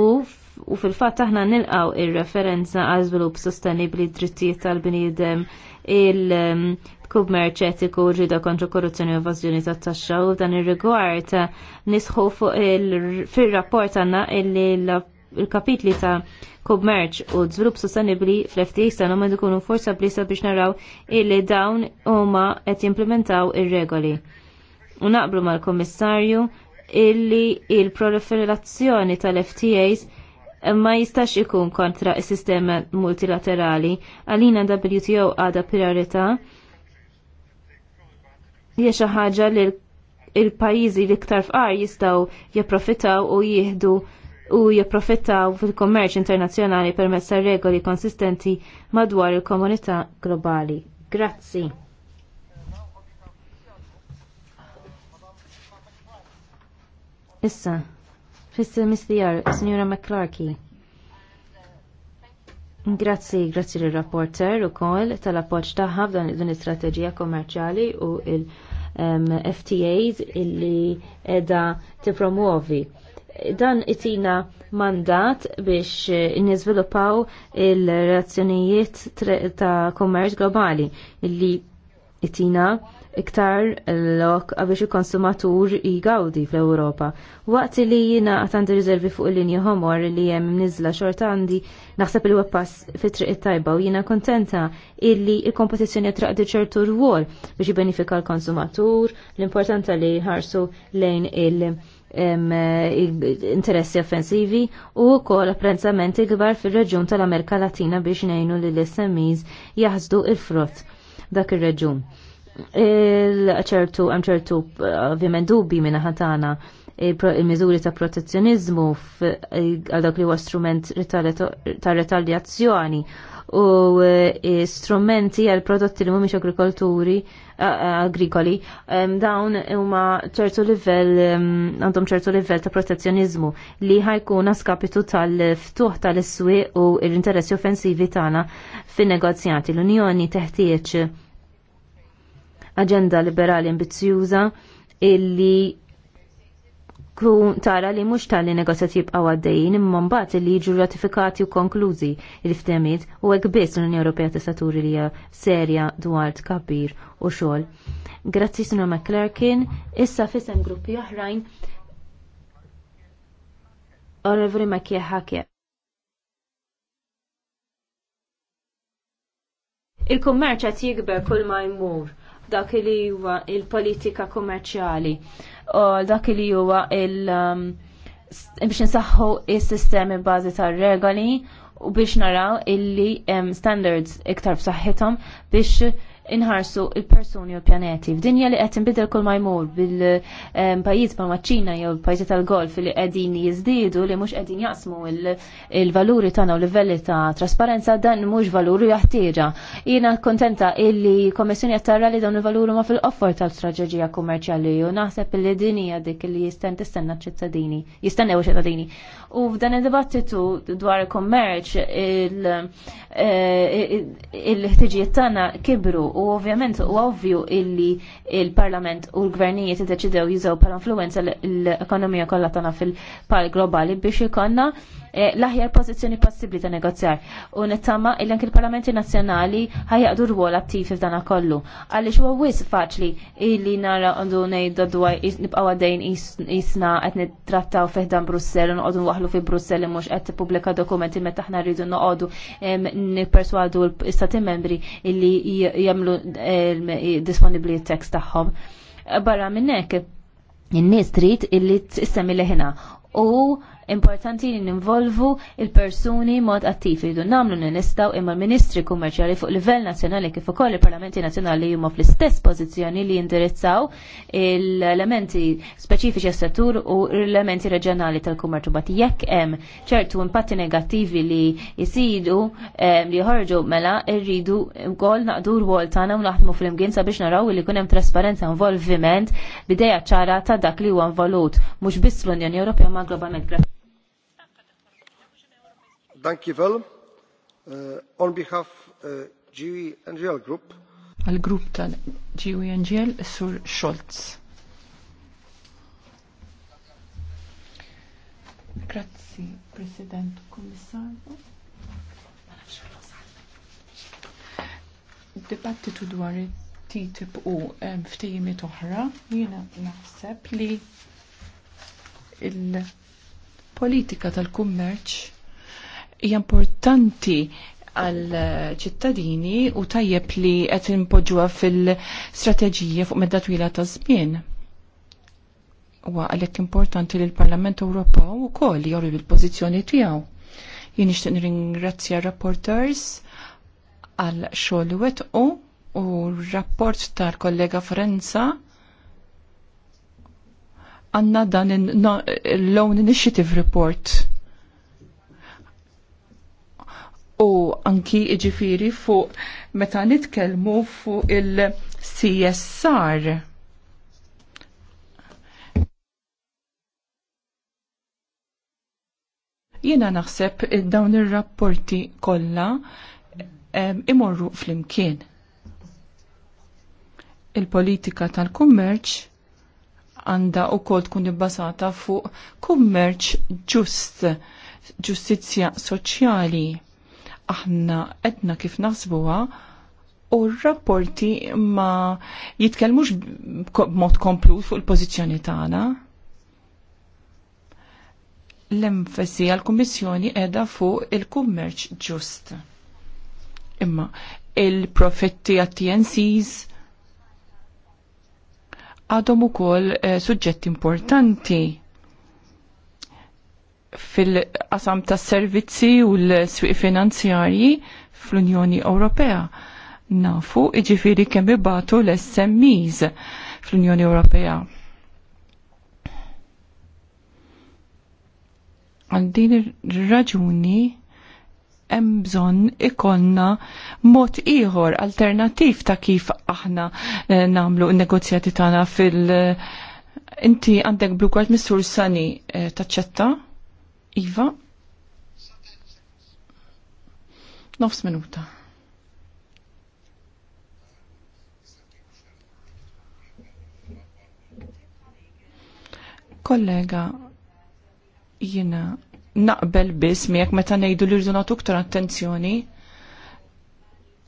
u u fil-fatt aħna nilqaw ir referenza għal żvilupp sostenibbli drittijiet tal-bniedem il- kummerċ etiku ġida kontra korruzzjoni u evażjoni tat taxxa u dan ir-rigward nisħu fuq fir-rapport għandna illi il-kapitli ta' kummerċ u żvilupp sostenibbli fl-FTX tagħhom għandu jkunu blisa biex naraw illi dawn huma qed jimplementaw ir-regoli. U naqblu mal-Kummissarju illi il-proliferazzjoni tal-FTAs ma jistax ikun kontra s-sistema multilaterali għalina WTO għada priorità' hija xi ħaġa li l-pajjiżi li ktar fqar jistgħu japprofittaw u jieħdu u japprofittaw fil-kommerċ internazzjonali permezz ta' regoli konsistenti madwar il-komunità globali. Grazzi. Issa, fis-mistijar, Signora McClarkey. Grazzi, grazzi l rapporter u kol tal-appoċ dan f'dan din strategija kommerċali u il-FTAs illi edha tipromuovi. Dan itina mandat biex nizvilupaw il-razzjonijiet ta' kommerċ globali illi itina iktar l-lok għabiex il-konsumatur jgawdi fl-Europa. Waqt li jina għatandi rizervi fuq il-linja homor li jem nizla xort għandi naħseb il webpass fit-triq it-tajba u jina kontenta illi il-kompetizjoni traqdi ċertu rwol biex jibenifika l-konsumatur, l-importanta li ħarsu lejn il- interessi offensivi u kol apprezzamenti gbar fil-reġjun tal-Amerika Latina biex nejnu li l-SMEs jaħsdu il-frott dak il-reġjun ċertu, hemm ċertu, ovvjament dubi minna ħatana il-mizuri ta' protezzjonizmu għal dak li huwa strument ta' retaljazzjoni u eh, strumenti għal prodotti li mhumiex agrikolturi agrikoli dawn huma ċertu livell għandhom ċertu livell ta' protezzjonizmu li ħajkun skapitu tal-ftuħ tal-iswi u l-interessi offensivi tagħna fin-negozjati l-Unjoni teħtieġ aġenda liberali ambizzjuża illi kun tara li mhux tal-li negozjat jibqaw għaddejjin imma mbagħad li jiġu ratifikati u konklużi il-ftehmiet u hekk biss l-Unjoni Ewropea tista' turi li hija serja dwar tkabbir u xogħol. Grazzi Sinor McClarkin, issa fisem gruppi oħrajn Onorevoli Makie Hake. Il-kummerċ qed jikber kull ma jmur dak li huwa il-politika kummerċjali u dak li huwa il- um, biex nsaħħu is-sistemi bażi tar-regoli u biex naraw illi um, standards iktar b'saħħithom biex inħarsu il-persuni u l-pjaneti. F'dinja li qed inbidel kull ma jmur bil-pajjiż ma maċċina jew il-pajjiżi tal-golf li qegħdin jiżdiedu li mhux qegħdin jaqsmu il-valuri tagħna u livelli ta' trasparenza dan mhux valuri jaħtieġa. Jiena kontenta illi kommissjoni qed li dawn il-valuri ma fil-offer tal strategija kummerċjali u naħseb li din hija dik li jisten tistenna ċittadini, jistennew ċittadini. U f'dan id-dibattitu dwar il-kommerċ eh, il-ħtiġijiet tagħna kibru u ovvjament u ovvju illi il-Parlament u l-gvernijiet iddeċidew jużaw bħala influenza l-ekonomija kollha tagħna fil-pal globali biex ikonna Eh, l-aħjar pożizzjoni possibbli ta' negozjar u nittama il anki il-Parlamenti Nazzjonali ħajjaqdu rwol attiv f'dan kollu. Għaliex huwa wis faċli illi nara għandu ngħidu dwaj nibqaw għaddejn jisna qed nittrattaw fih Brussel Brussell u noqogħdu waħlu fi Brussel mhux qed tippubblika dokumenti me taħna rridu noqogħdu nipperswadu l-istati membri illi jagħmlu disponibbli t-tekst tagħhom. Barra minn hekk in-nies trid illi tissemi leħina u importanti li ninvolvu il-persuni mod attiv li namlu nistaw imma ministri kummerċjali fuq livell nazzjonali kif ukoll il-parlamenti nazzjonali huma fl-istess pożizzjoni li jindirizzaw l-elementi speċifiċi għas-settur u l-elementi reġjonali tal-kummerċu bat jekk hemm ċertu impatti negattivi li jisidu eh, li ħorġu mela irridu wkoll naqdu rwol tagħna u naħdmu fl-imkien sabiex naraw li jkun hemm trasparenza involviment bidejja ċara ta' dak li huwa involut mhux biss l-Unjoni Ewropea ma' globalment. Uh, on uh, e grupp tal-GUE NGL, Sur Scholz. Grazzi, President Kommissarju. Dibattitu dwar it TTIP u ftejimiet oħra, jiena naħseb li il-politika tal-kummerċ hija importanti għal ċittadini u tajjeb li qed impoġġuha fil-strateġija fuq medda twila ta' żmien. Huwa għalhekk importanti li l-Parlament Ewropew ukoll jori l-pożizzjoni tiegħu. Jien nixtieq nirringrazzja rapporters għal xogħol wetqu u r-rapport tal-kollega Forenza għanna dan il-Loan Initiative Report u anki iġifiri fuq meta nitkellmu fuq il-CSR. Jiena naħseb dawn ir-rapporti kollha imorru flimkien. Il-politika tal-kummerċ għanda u kol tkun ibbasata fuq kummerċ ġust, ġustizja soċjali aħna etna kif naħsbuha u r-rapporti ma jitkellmux b'mod komplut fuq il-pożizzjoni tagħna. L-enfasi għal-Kummissjoni edha fuq il-kummerċ ġust. Imma il-profetti għat-TNCs għadhom ukoll suġġetti importanti fil-qasam tas servizzi u l-swiq finanzjarji fl-Unjoni Ewropea. Nafu iġifiri kemm ibatu l-SMEs fl-Unjoni Ewropea. Għal din ir-raġuni hemm bżonn ikollna mod ieħor alternattiv ta' kif aħna eh, nagħmlu n-negozjati tagħna fil- eh, Inti għandek blu card mistur sani eh, taċċetta? Iva. Nofs minuta. Kollega, jina naqbel biss jekk meta ngħidu li rridu nagħtu aktar attenzjoni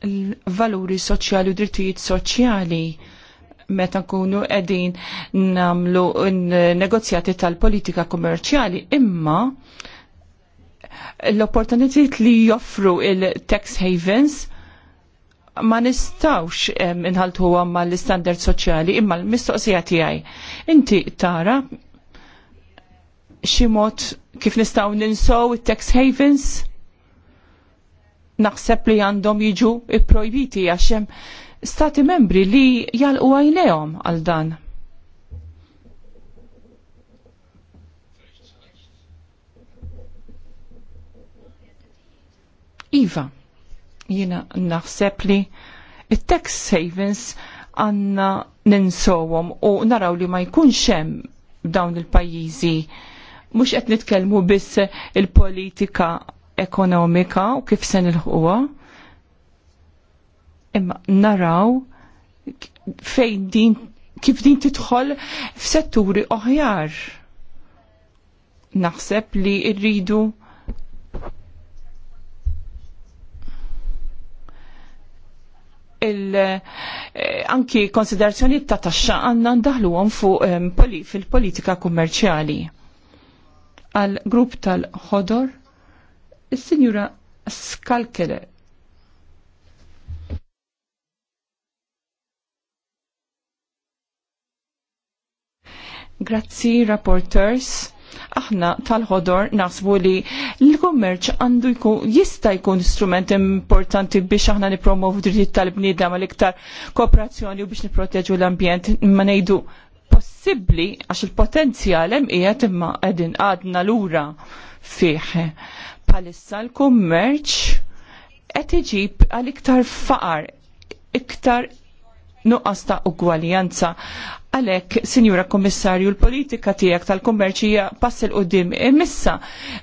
l-valuri soċjali u drittijiet soċjali meta nkunu qegħdin nagħmlu negozjati tal-politika kummerċjali, imma l-opportunitiet li joffru il-tax havens ma nistawx inħaltu għamma l-standard soċjali imma l-mistoqsija tiegħi. Inti tara xi mod kif nistgħu ninsow it-tax havens naħseb li għandhom jiġu ipprojbiti għax hemm stati membri li jalqu għajnejom għal dan. Iva, jina naħseb li il-tax savings għanna ninsowom u naraw li ma jkunx hemm dawn il-pajjiżi. Mhux qed nitkellmu biss il-politika ekonomika u kif se ħuwa imma naraw fejn din kif din tidħol f'setturi oħjar. Naħseb li rridu il eh, anki konsiderazzjoni ta' taxxa għandna ndaħluhom fuq fil-politika kummerċjali. Għal grupp tal-ħodor, il sinjura Skalkeler Grazzi, rapporters. Aħna tal-ħodor nasbu li l-kummerċ għandu jkun jista' jkun strument importanti biex aħna nipromovu drittijiet tal-bniedem għal iktar kooperazzjoni u biex nipproteġu l-ambjent ma ngħidu possibbli għax il-potenzjal hemm qiegħed imma qegħdin għadna lura fih. Palissa l-kummerċ qed iġib għal iktar faqar, iktar nuqqas ta' ugwaljanza. Għalek, Sinjura Kommissarju, l-politika tijak tal-kommerċija passel qoddim emissa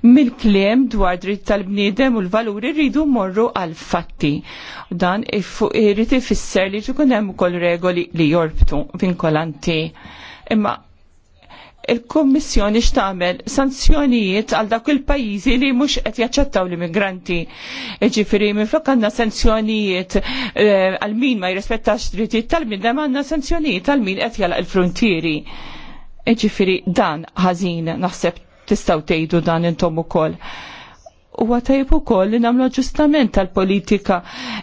mill-klem dwar dritt tal-bniedem u l-valuri rridu morru għal-fatti. Dan irrid ifisser li ġukunem hemm ukoll regoli li jorbtu vinkolanti. Imma il-Kommissjoni x'tagħmel sanzjonijiet għal dak il-pajjiżi li mhux qed jaċċettaw l-immigranti. Ġifieri minflok għandna sanzjonijiet eh, għal min ma jirrispettax drittijiet tal-bniedem għandna sanzjonijiet għal min qed jalaq il-frontieri. Ġifieri dan ħażin naħseb tistgħu tgħidu dan intom ukoll u għatajb ukoll li namlu ġustament tal-politika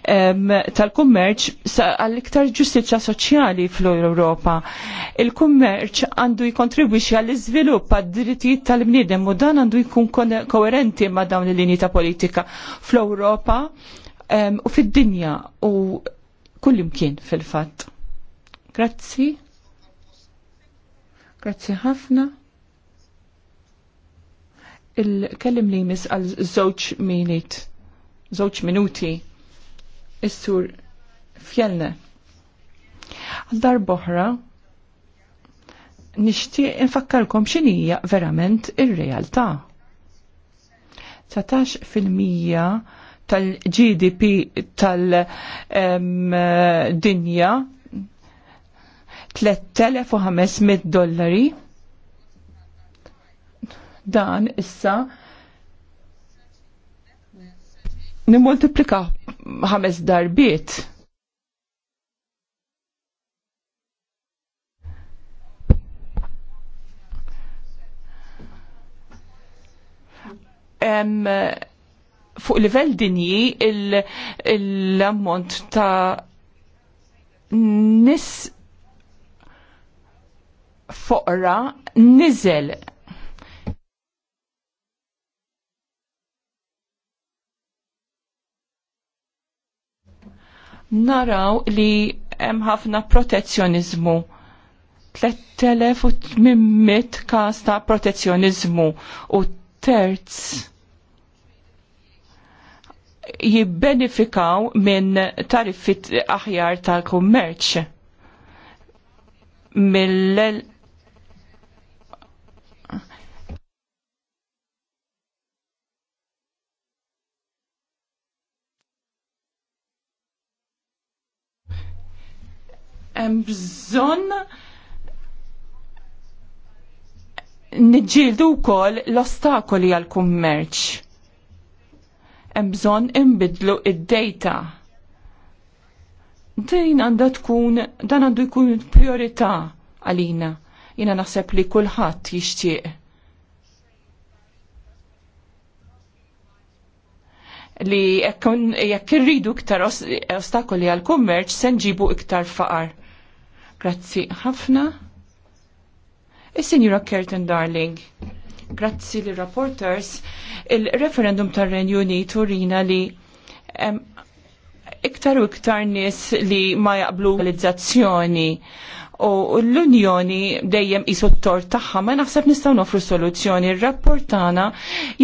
tal-kummerċ għall-iktar ġustiċa soċjali fl-Europa. Il-kummerċ għandu jikontribwixi għall-iżvilupp għad-drittijiet tal-bniedem u dan għandu jkun koerenti ma' dawn il-linji ta' politika fl-Europa u fid-dinja u kullimkien fil-fatt. Grazzi. Grazzi ħafna il-kellim li jmiss għal żewġ minit, żewġ minuti, is-sur Fjellne. Għal boħra, nixtieq infakkarkom x'inhija verament ir-realtà. 19% tal-GDP tal-dinja 3500 dollari dan issa nimultiplika ħames darbiet. Em, fuq livell dinji l-ammont ta' nis foqra nizel naraw li hemm ħafna protezzjonizmu. 3800 każ ta' protezzjonizmu u terz jibbenefikaw minn tariffi aħjar tal-kummerċ mill hemm bżonn niġġieldu wkoll l-ostakoli għall kummerċ Hemm bżonn inbidlu id-dejta. Din għandha tkun dan għandu jkun priorità għalina. Jiena naħseb li kulħadd jixtieq. li jekk irridu iktar ostakoli għal kummerċ se nġibu iktar faqar. Grazzi ħafna. Is-Sinjura Kerten Darling. Grazzi li rapporters il-referendum tar-Renju turina li iktar u iktar nies li ma jaqblu legalizzazzjoni u l-Unjoni dejjem isu t tagħha ma naħseb nistgħu nofru soluzzjoni. ir tagħna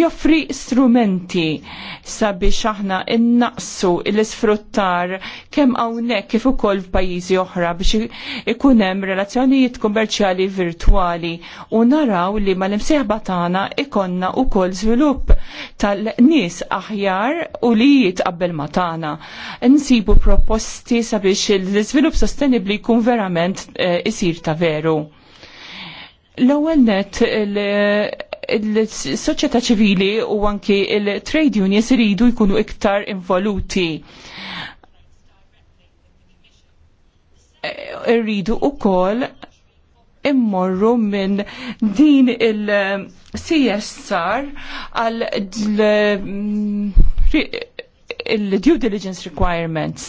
joffri strumenti sabiex aħna innaqsu l-isfruttar kemm hawnhekk kif ukoll f'pajjiżi oħra biex ikun hemm relazzjonijiet kummerċjali virtwali u naraw li mal-imsieħba tagħna ikonna wkoll żvilupp tal-nies aħjar u li jitqabbel ma tagħna. Nsibu proposti sabiex l-iżvilupp sostenibbli jkun verament Eh, isir ta' veru. L-ewwel net il-soċjetà ċivili u anki il-trade unions iridu jkunu iktar involuti. Eh, irridu ukoll immorru minn din il-CSR għal mm, il-due diligence requirements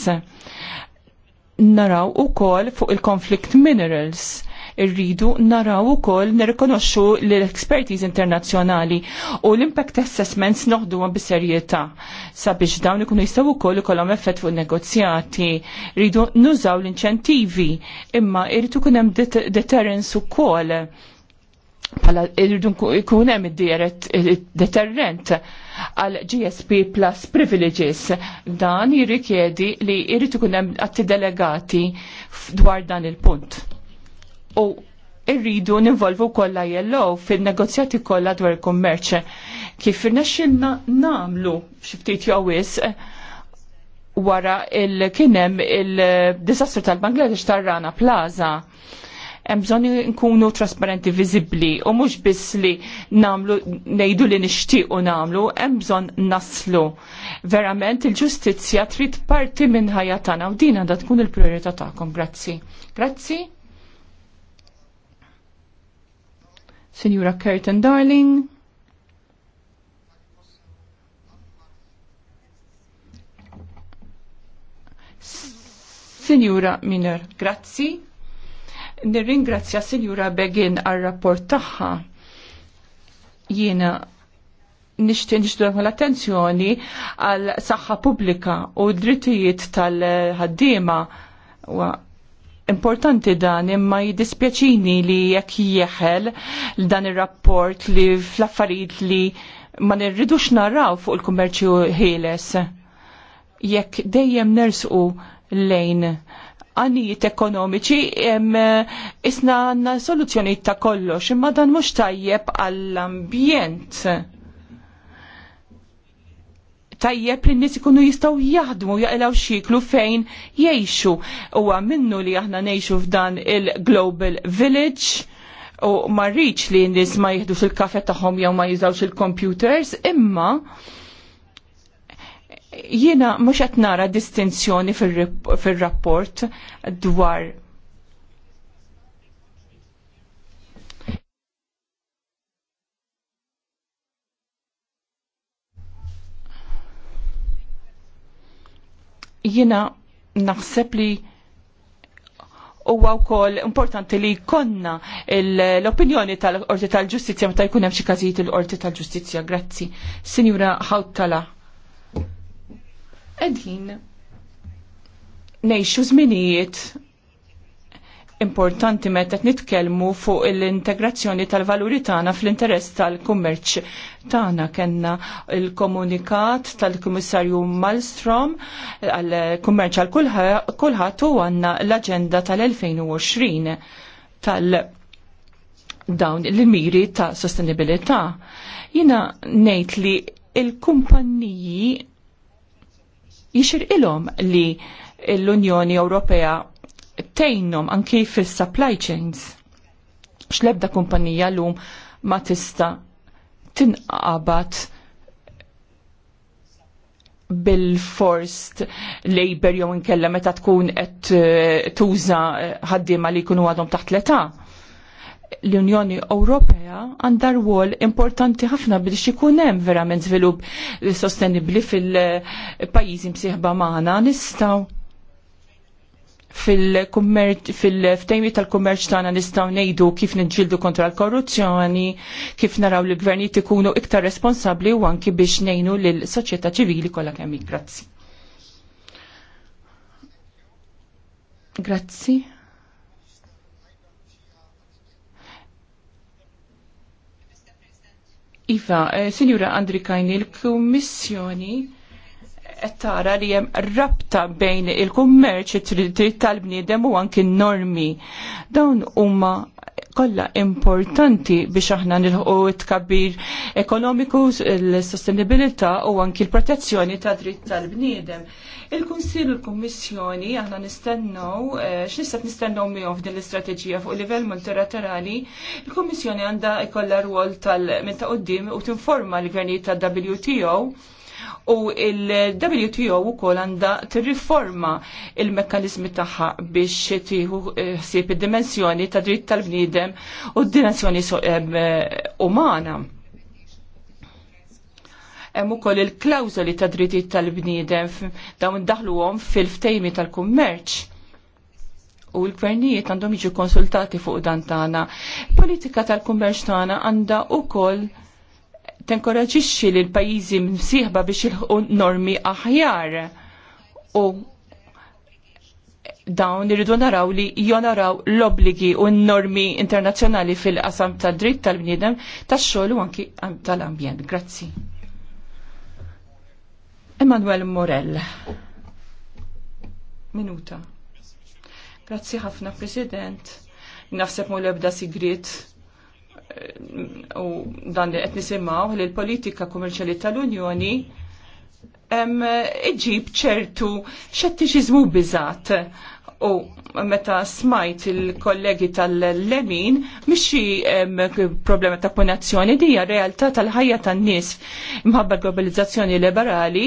naraw ukoll fuq il-conflict minerals irridu naraw ukoll nirrikonoxxu l-expertise internazzjonali u l-impact assessments noħduhom bis-serjetà sabiex dawn ikunu jistgħu wkoll ikollhom effett fuq negozjati. Rridu nużaw l-inċentivi imma irridu kunem hemm u ukoll bħala irridu kunem id-deterrent għal GSP plus privileges. Dan jirrikjedi li jrid ikun hemm atti delegati dwar dan il-punt. U irridu ninvolvu kolla jellow fin-negozjati kollha dwar il-kummerċ. Kif irnexxilna namlu xi ftit jowis wara il kinem il-disastru tal-Bangladesh tar-Rana Plaza hemm bżonn nkunu trasparenti viżibbli u mhux biss li nagħmlu ngħidu li nixtiequ nagħmlu, hemm bżonn naslu. Verament il-ġustizzja trid parti minn ħajja tagħna u din għandha tkun il-priorità tagħkom. Grazzi. Grazzi. Signora Curtin Darling. Signora Miner, grazzi. Nirringrazzja Sinjura Begin għal-rapport tagħha. Jiena nixtieq nixtieq l-attenzjoni għal saħħa pubblika u drittijiet tal-ħaddiema importanti dan imma jidispjaċini li jekk jieħel dan ir-rapport li fl-affarijiet li ma nirridux naraw fuq il-kummerċju ħieles. Jekk dejjem nersqu lejn għanijiet ekonomiċi isna għanna soluzzjoni ta' kollox, imma dan mux tajjeb għall-ambjent. Tajjeb li n-nis ikunu jistaw jaħdmu jaqilaw xiklu fejn jiexu. U minnu li aħna nejxu f'dan il-Global Village u marriċ li n-nis ma jihdu il kafet taħħom jew ma jizawx il-computers, imma Jiena mhux qed nara distinzjoni fir-rapport dwar Jiena naħseb li huwa wkoll importanti li jkollna l-opinjoni tal-Qorti tal-Ġustizzja meta jkun hemm xi każijiet il-Qorti tal-Ġustizzja. Grazzi. Sinjura Hawtala edin nejxu zminijiet importanti meta nitkellmu fuq l-integrazzjoni tal-valuri tagħna fl-interess tal-kummerċ tagħna kellna l-komunikat tal-Kummissarju Malmstrom għall-kummerċ għal kulħadd u għandna l-aġenda tal-2020 tal dawn l-miri ta' sostenibilità. Jina ngħid li il-kumpanniji jixir ilom li l-Unjoni Ewropea tejnom anki fil-supply chains. Xlebda kumpanija l-um ma tista tinqabat bil-forced labor jew inkella meta tkun qed tuża ħaddiema li jkunu għadhom taħt l-età l-Unjoni Ewropea għandha rwol importanti ħafna biex ikun hemm verament żvilupp sostenibbli fil-pajjiżi msieħba magħna nistgħu fil-ftejmi tal-kummerċ tagħna nistgħu ngħidu kif niġġieldu kontra l-korruzzjoni, kif naraw l gvernijiet ikunu iktar responsabbli u anki biex ngħinu lill soċjetà ċivili kollha kemm grazzi. Grazzi. Iva, eh, Sinjura Andrikajni, il-Kummissjoni qed tara li hemm rabta bejn il-kummerċ it tal-bniedem u anki n normi. Dawn huma kollha importanti biex aħna nilħu tkabbir ekonomiku, l-sostenibilità u anki l-protezzjoni ta' dritt tal-bniedem. Il-Kunsil u l-Kommissjoni aħna nistennew, eh, x'nistgħet nistennew miegħu f'din l-istrateġija fuq livell multilaterali, il-Kommissjoni għandha jkollha rwol tal minta ta' qudiem u tinforma l-gvernijiet tal-WTO u il-WTO u kol għanda t-riforma il-mekkanizmi taħħa biex tiħu ħsib eh, id-dimensjoni ta' dritt tal-bnidem u d-dimensjoni eh, umana. Hemm ukoll il-klawżoli ta' drittijiet tal-bniedem dawn daħluhom fil-ftejmi tal-kummerċ u l-gvernijiet għandhom jiġu konsultati fuq dan tagħna. Politika tal-kummerċ tagħna għandha wkoll tenkoraġixxi lil pajjiżi msieħba biex ilħu normi aħjar u dawn irridu naraw li jonaraw l-obligi u n-normi internazzjonali fil-qasam tad dritt tal-bniedem tax-xogħol u anki tal-ambjent. Grazzi. Emanuel Morell. Minuta. Grazzi ħafna, President. Nafseb mu lebda sigrit u dan li qed nisimgħu li l-politika kummerċjali tal-Unjoni iġib ċertu xettiċiżmu biżat u meta smajt il-kollegi tal-lemin mixi problema ta' ponazzjoni dija realtà tal-ħajja tan-nies mħabba globalizzazzjoni liberali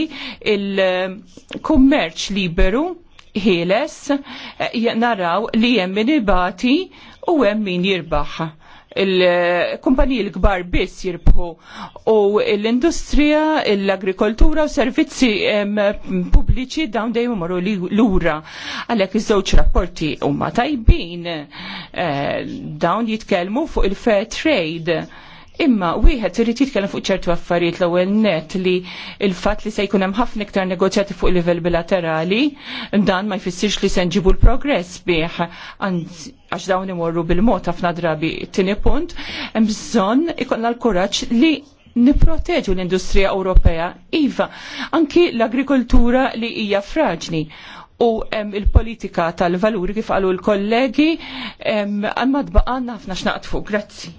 il-kummerċ liberu ħieles eh, naraw li hemm min ibati u hemm min jirbaħ il-kumpaniji l-kbar biss jirbħu u l-industrija, l-agrikoltura u servizzi pubbliċi dawn dejjem marru lura. Għalhekk iż-żewġ rapporti huma tajbin eh, dawn jitkellmu fuq il-fair trade Imma wieħed irid jitkellem fuq ċertu affarijiet l-ewwel net li l-fatt li se jkun hemm ħafna iktar negozjati fuq livell bilaterali dan ma jfissirx li se nġibu l-progress bih għax dawn imorru bil-mod ħafna drabi. Tieni punt, hemm bżonn ikollna l-kuraġġ li nipproteġu l-industrija Ewropea, iva, anki l-agrikoltura li hija fraġni u il-politika tal-valuri kif qalu l-kollegi għal madbaqa nafna xnaqtfu. Grazzi.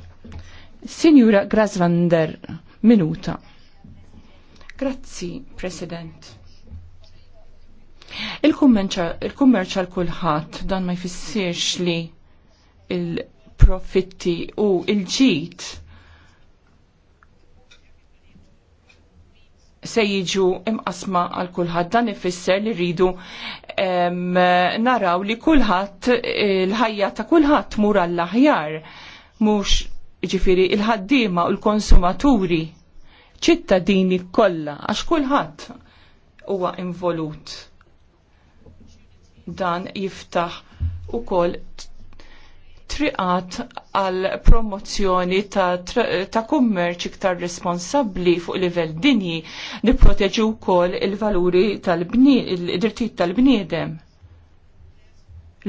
Signora Grasvander, minuta. Grazzi, President. Il-kummerċ għal kulħadd dan ma jfissirx li il-profitti u il-ġit se jiġu imqasma għal kulħadd dan ifisser li rridu naraw li kulħadd il-ħajja ta' kulħadd mur għall-aħjar mhux ġifiri il-ħaddima u l-konsumaturi ċittadini kollha għax kulħadd huwa involut. Dan jiftaħ ukoll triqat għal promozzjoni ta', ta kummerċ iktar responsabbli fuq livell dinji nipproteġu wkoll il-valuri tal-bniedem, il-drittijiet tal-bniedem,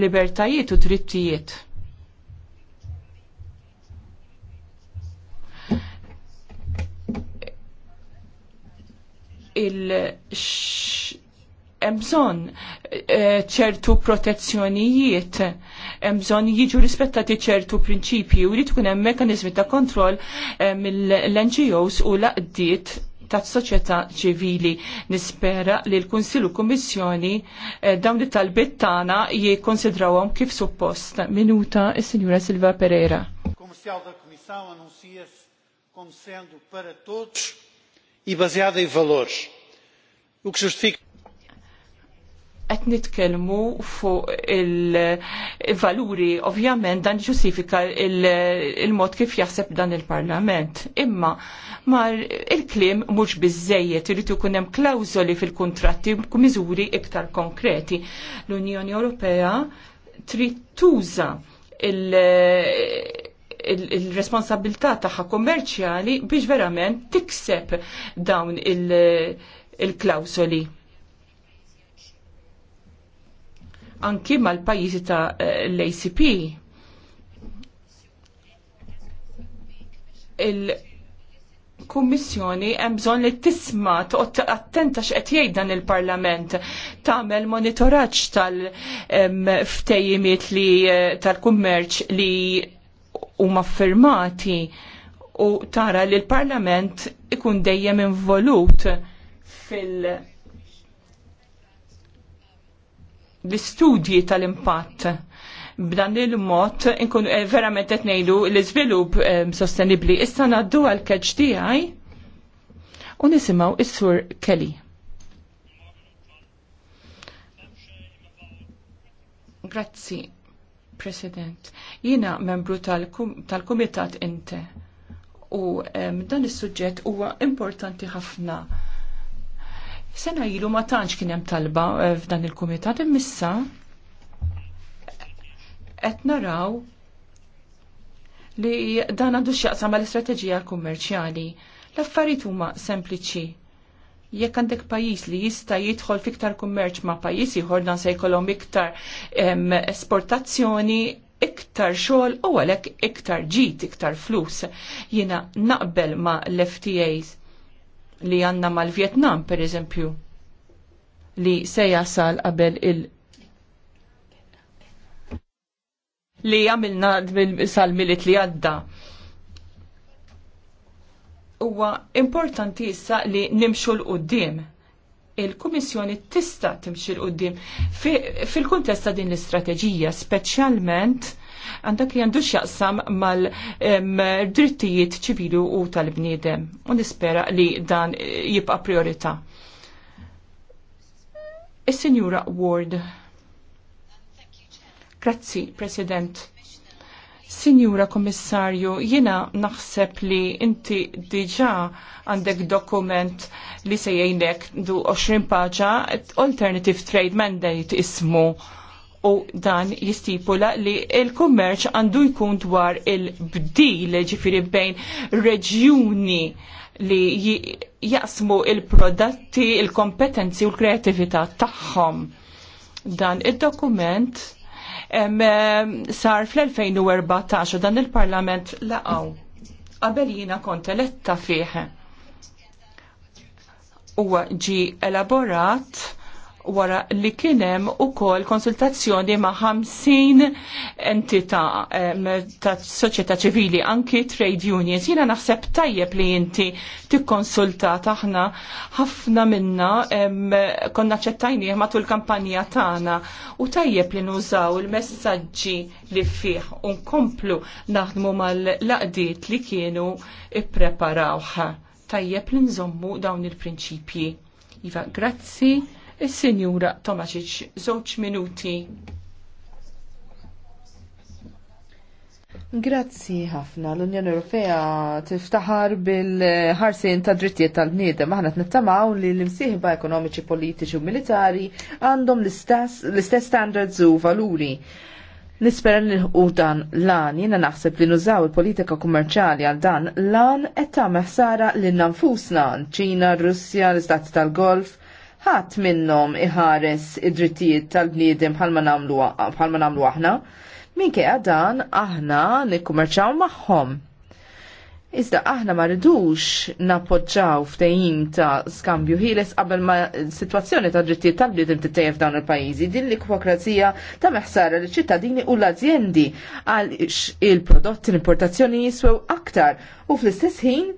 libertajiet u drittijiet. il- emżon eh, ċertu protezzjonijiet, emżon jiġu rispettati ċertu prinċipji u li tkun hemm mekanizmi ta' kontroll eh, mill-NGOs u laqdiet ta' soċjetà ċivili. Nispera li l-Kunsil u Kummissjoni eh, dawn it talbiet tagħna jikkonsidrawhom kif suppost. Minuta is-Sinjura Silva Pereira. Comercial da Comissão anuncia-se como sendo para todos e baseada em valores. qed nitkellmu fuq il-valuri, ovvjament dan ġustifika il-mod kif jaħseb dan il-Parlament. Imma mar il-klim mhux biżejjed irid ikun hemm klawżoli fil-kuntratti miżuri iktar konkreti. L-Unjoni Ewropea trid tuża il-responsabilità tagħha kommerċjali biex verament tikseb dawn il-klawsoli. Il Anki mal-pajjiżi ta' l-ACP kummissjoni hemm bżonn li tisma toqgħod attenta x'qed jgħid dan il-Parlament tagħmel monitoraġġ tal-ftejjimiet li eh, tal-kummerċ li huma firmati u tara li l-Parlament ikun dejjem involut fil- l-istudji tal-impatt b'dan il-mod inkun eh, verament qed ngħidu l-iżvilupp eh, sostenibbli. Issa ngħaddu għal catch tiegħi u nisimgħu is-sur Kelly. Grazzi. President, jina membru tal-Kumitat tal Inte u um, dan is-suġġett huwa importanti ħafna. Sena ilu ma tantx kien hemm talba eh, f'dan il-kumitat immissa qed naraw li dan għandu x'jaqsam mal-istrateġija kummerċjali. L-affarijiet huma sempliċi jekk għandek pajis li jista jidħol fiktar kummerċ ma' pajis ieħor dan se jkollhom iktar esportazzjoni, iktar xogħol u għalhekk iktar ġid, iktar flus. Jiena naqbel ma' l-FTAs li għandna mal-Vjetnam pereżempju li se jasal qabel il- li għamilna sal-milit li għadda huwa importanti issa li nimxu l-qoddim il-Kummissjoni tista' timxi l qudiem fil-kuntest ta' din l-istrateġija, speċjalment għandak li għandu xjaqsam mal-drittijiet ċivili u tal-bniedem. U nispera li dan jibqa' priorità. Is-Sinjura Ward. Grazzi, President. Sinjura Komissarju, jina naħseb li inti diġa għandek dokument li sejjajnek du 20 paġa Alternative Trade Mandate ismu u dan jistipula li il-kummerċ għandu jkun dwar il-bdil ġifiri bejn reġjuni li jaqsmu il-prodotti, il-kompetenzi u l-kreativita tagħhom. Dan il-dokument sar fl-2014 u dan il-Parlament laqgħu qabel jina kont eletta fih. Huwa ġi elaborat wara li kienem u kol konsultazzjoni ma' 50 entita ta' soċieta ċivili, anki trade unions. Jina naħseb tajjeb li jinti tikkonsulta taħna ħafna minna konna ċettajni matul kampanja tagħna u tajjeb li nużaw il-messagġi li fih unkomplu naħdmu mal-laqdiet li kienu ippreparawħa. Tajjeb li nżommu dawn il-prinċipji. Iva, grazzi il sinjura Tomasic, żewġ minuti. Grazzi ħafna. L-Unjoni Ewropea tiftaħar bil-ħarsien ta' drittijiet tal-bniedem. Aħna nittamaw li l-imsieħba ekonomiċi, politiċi u militari għandhom l-istess standards u valuri. Nispera li u dan lan, jena naħseb li nużaw il-politika kummerċali għal dan lan qed tagħmel ħsara lil nanfusna ċina, Russja, l-Istati tal-Golf ħadd minnhom iħares id-drittijiet tal-bniedem ma nagħmlu aħna. Minkejja dan aħna nikkumerċaw magħhom. Iżda aħna ma rridux nappoġġaw ftejim ta' skambju ħieles qabel ma situazzjoni ta' drittijiet tal-bniedem tittejjef dawn il-pajjiżi din l-ikwokrazija ta' meħsara li ċittadini u l-azjendi għal il-prodotti l-importazzjoni jiswew aktar u fl-istess ħin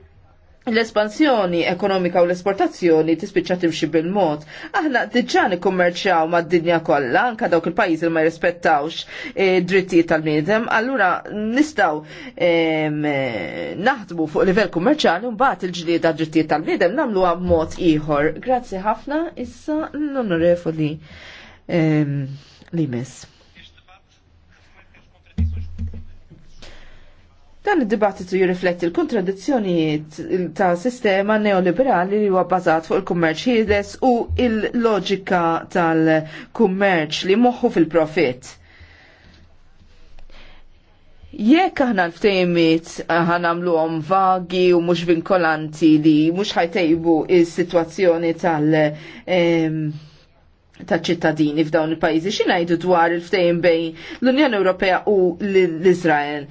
l-espansjoni ekonomika u l-esportazzjoni tispiċċa timxi bil-mod. Aħna diġà kummerċjaw mad-dinja kollha, anke dawk il-pajjiżi li ma jirrispettawx eh, drittijiet tal-bniedem, allura nistgħu eh, naħdmu fuq livell kummerċjali u mbagħad il-ġlieda drittijiet tal-bniedem nagħmluha b'mod ieħor. Grazzi ħafna issa l-onorevoli li miss. Dan id-dibattitu jirrifletti l-kontradizzjonijiet ta' sistema neoliberali li huwa bbażat fuq il-kummerċ ħieles u il-loġika tal-kummerċ li moħħu fil-profit. Jekk aħna l-ftejmiet ħanamluhom vagi u mhux vinkolanti li mhux ħajtejbu is-sitwazzjoni tal- ta' ċittadini f'dawn il-pajjiżi x'ingħidu dwar il-ftehim bejn l-Unjoni Ewropea u l-Iżrael.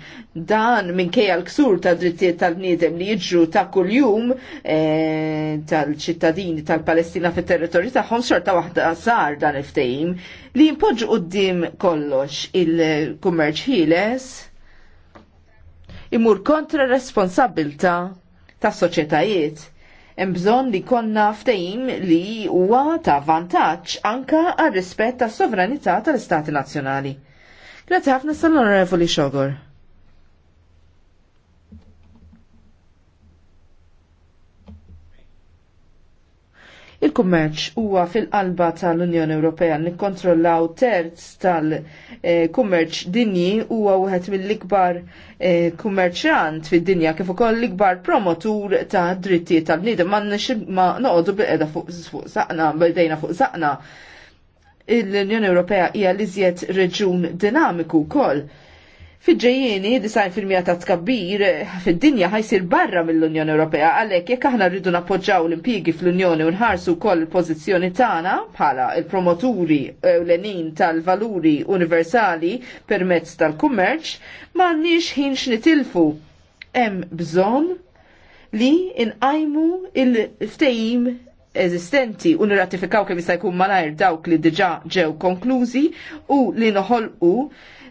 Dan minkejja l-ksur ta' drittijiet tal-bniedem li jiġru ta' kuljum eh, tal-ċittadini tal-Palestina fit-territorju tagħhom sorta waħda sar dan il-ftehim li jimpoġġu quddiem kollox il-kummerċ ħieles imur kontra responsabilta ta' soċjetajiet Hemm bżonn li konna ftejim li huwa ta' vantaġġ anka għar rispett tas sovranità tal-Istati Nazzjonali. Grazzi ħafna sal-Onorevoli Xogor. Il-kummerċ huwa fil-qalba tal-Unjoni Ewropea li kontrollaw terz tal-kummerċ dinji huwa wieħed mill-ikbar eh, kummerċant fid-dinja kif ukoll l-ikbar promotur ta' drittijiet tal-bniedem ma noqogħdu bil fuq saqna, bdejna fuq saqna. L-Unjoni Ewropea hija l-iżjed reġun dinamiku wkoll Fiġġejjeni 90% ta' tkabbir fid-dinja ħajsir barra mill-Unjoni Ewropea għalhekk jekk aħna rridu nappoġġaw l-impjiegi fl-Unjoni u nħarsu wkoll il-pożizzjoni tagħna bħala il-promoturi ewlenin tal-valuri universali permezz tal-kummerċ, m'għandniex ħin x'nitilfu. Hemm bżonn li inqajmu il-ftehim eżistenti u nirratifikaw kemm jista' jkun malajr dawk li diġà ġew konklużi u li noħolqu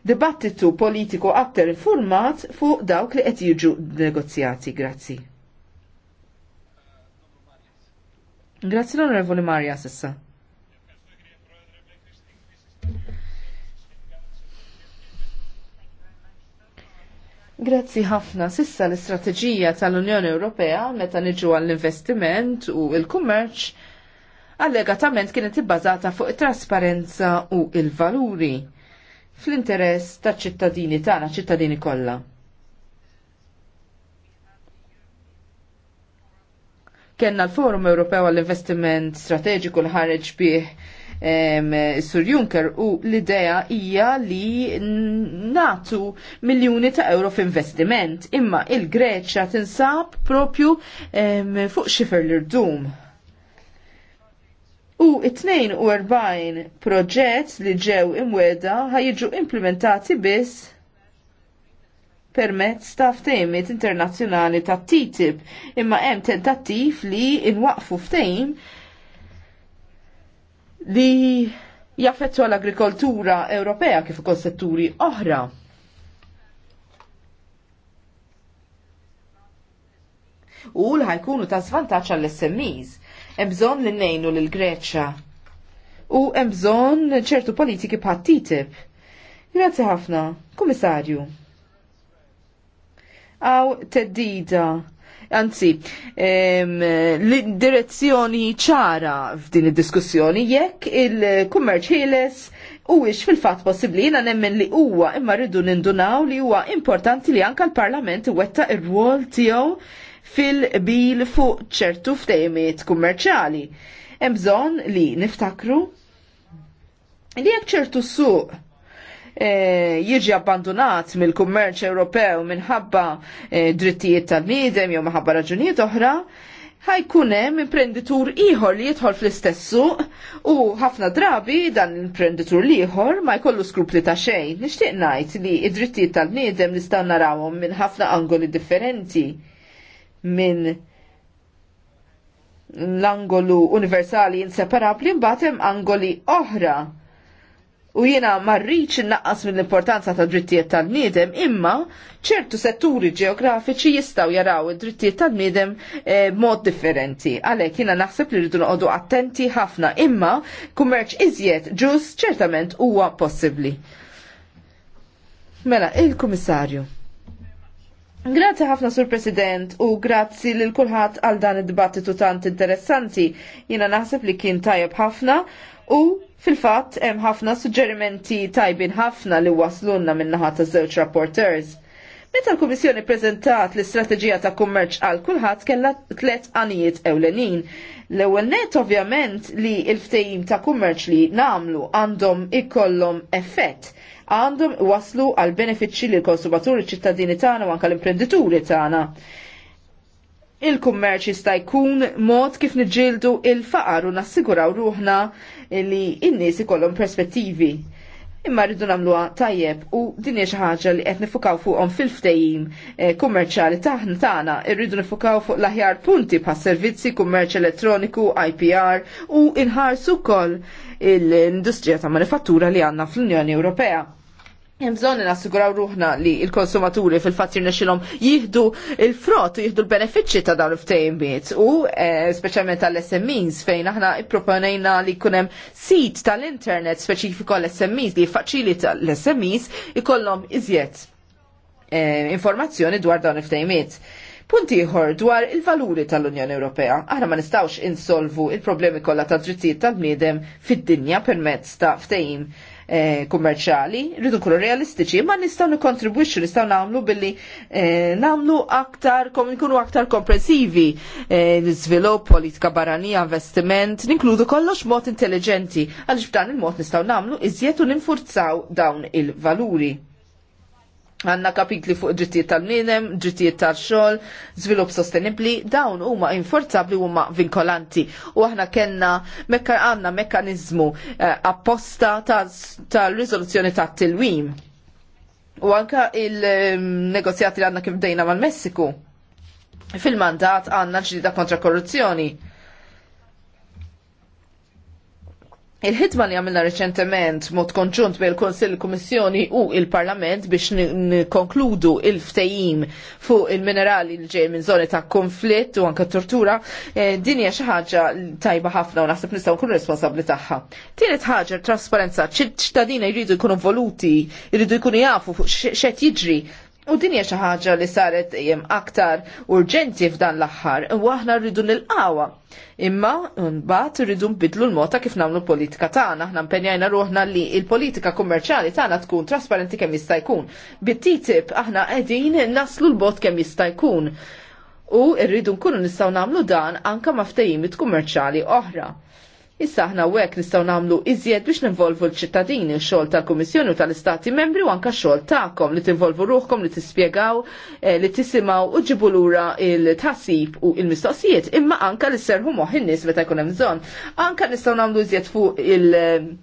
dibattitu politiku aktar informat fuq dawk li qed jiġu negozjati. Grazzi. Grazzi l-Onorevoli Marja sissa. Grazzi ħafna. Sissa l-istrateġija tal-Unjoni Ewropea meta niġu għall-investiment u l-kummerċ allegatament kienet ibbażata fuq it trasparenza u il-valuri fl-interess ta' ċittadini tagħna, ċittadini kollha. Kenna l-Forum Ewropew għall-Investiment Strateġiku l ħareġ bih Sur Juncker u l-idea hija li natu miljoni ta' euro f'investiment imma il-Greċja tinsab propju fuq xifer l-irdum u 42 proġett li ġew imweda ħajġu implementati biss permezz ta' ftejmit internazzjonali ta' TTIP imma hemm tentattiv li nwaqfu ftejm li jaffettwa l-agrikoltura Ewropea kif ukoll setturi oħra. U l ħajkunu ta' svantaġġ għall-SMEs Ebżon li nejnu l-Greċa. U ebżon ċertu politiki bħat TTIP. Grazzi ħafna, komissarju. Aw teddida. Anzi, l-direzzjoni ċara f'din id-diskussjoni jekk il-kummerċ ħieles u ix fil-fat possibli jina nemmen li huwa imma rridu nindunaw li huwa importanti li anka l-parlament wetta ir-rwol tiegħu fil-bil fuq ċertu ftejmiet kummerċali. Hemm bżonn li niftakru li jekk ċertu suq e, jiġi abbandonat mill-kummerċ Ewropew minħabba e, drittijiet tal-niedem jew minħabba raġunijiet oħra, ħajkun hemm imprenditur ieħor li jidħol fl-istess suq u ħafna drabi dan l-imprenditur ieħor ma jkollu skrupli ta' xejn. Nixtieq ngħid li d-drittijiet tal-bniedem nistgħu narawhom minn ħafna angoli differenti minn l-angolu universali inseparabli mbagħad hemm angoli oħra. U jiena marriċ innaqqas mill-importanza ta' drittijiet tal-niedem, imma ċertu setturi ġeografiċi jistaw jaraw id-drittijiet tal nidem eh, mod differenti. Għalhekk jiena naħseb li rridu noqogħdu attenti ħafna, imma kummerċ iżjed ġus ċertament huwa possibbli. Mela, il-Kummissarju. Grazzi ħafna sur President u grazzi lil kulħadd għal dan id-dibattitu tant interessanti. Jiena naħseb li kien tajjeb ħafna u fil-fatt hemm ħafna suġġerimenti tajbin ħafna li waslunna min-naħa taż-żewġ rapporteurs. Meta l-Kummissjoni preżentat l-istrateġija ta' kummerċ għal kulħadd kellha tliet għanijiet ewlenin. L-ewwel net ovvjament li l-ftehim ta' kummerċ li namlu għandhom ikollhom effett għandhom waslu għal benefiċċji li l-konsumaturi ċittadini tagħna u anke l-imprenditori tagħna. Il-kummerċ jista' jkun mod kif niġġieldu il-faqar u nassiguraw ruħna li n-nies ikollhom perspettivi. Imma rridu nagħmluha tajjeb u din hija xi ħaġa li qed nifukaw fuqhom fil-ftehim eh, kummerċjali taħna tagħna, rridu nifukaw fuq l-aħjar punti bħas servizzi, kummerċ elettroniku, IPR u inħarsu wkoll l-industrija ta' manifattura li għandna fl-Unjoni Ewropea. Hemm bżonn nassiguraw ruħna li l-konsumaturi fil-fatt jirnexxilhom jieħdu il-frott, jieħdu l-benefiċċji ta' dawn il-ftehimiet u eh, speċjalment tal-SMEs fejn aħna ipproponejna li jkun hemm sit tal-internet speċifiku l smes li jfaċilita l-SMEs ikollhom iżjed eh, informazzjoni dwar dawn il-ftehimiet. Punt ieħor dwar il-valuri tal-Unjoni Ewropea. Aħna ma nistgħux insolvu il-problemi kollha tad drittijiet tal-bniedem fid-dinja permezz ta' ftehim Eh, kummerċali, rridu nkunu realistiċi, imma nistgħu nikkontribwixxu, nistgħu nagħmlu billi eh, nagħmlu aktar nkunu aktar komprensivi l-iżvilupp, eh, politika barranija, investiment, ninkludu kollox mod intelligenti għaliex b'dan il-mod nistgħu nagħmlu iżjed u ninfurzaw dawn il-valuri għanna kapitli fuq drittijiet tal-minem, drittijiet tal-xol, zvilup sostenibli, dawn huma inforzabli u huma vinkolanti. U aħna kena mekka għanna mekkanizmu eh, apposta tal rizoluzjoni ta tal-tilwim. U anka il-negozjati li għanna kif dejna mal-Messiku. Fil-mandat għanna ġdida kontra korruzzjoni Il-ħidma li għamilna reċentement mod konġunt bejn il-Konsil, il-Kummissjoni u il-Parlament biex nkonkludu il-ftejim fuq il-minerali li ġej minn zoni ta' konflitt u anke tortura, eh, din hija xi ħaġa tajba ħafna u naħseb nistgħu nkunu responsabbli tagħha. Tielet ħaġa trasparenza, ċittadina jridu jkunu voluti, jridu jkunu jafu x'għed x'qed jiġri U din hija xi ħaġa li saret dejjem aktar urġenti f'dan l-aħħar u aħna rridu nilqawha. Imma mbagħad irridu nbidlu l mota kif nagħmlu politika tagħna. Aħna mpenjajna ruħna li l-politika kummerċjali tagħna tkun trasparenti kemm jista' jkun. Bit-TTIP aħna qegħdin naslu l-bot kemm jista' jkun. U rridu nkunu nistgħu nagħmlu dan anke ma' ftehimiet kummerċjali oħra Issa aħna wek nistgħu nagħmlu iżjed biex ninvolvu l-ċittadini x-xogħol tal-Kummissjoni u tal-Istati Membri u anke x-xogħol tagħkom li tinvolvu ruħkom li tispjegaw eh, li tisimgħu u ġibu lura il tasib u il-mistoqsijiet imma anke li serħu moħħ in-nies meta jkun hemm bżonn. Anke nistgħu nagħmlu iżjed fuq il-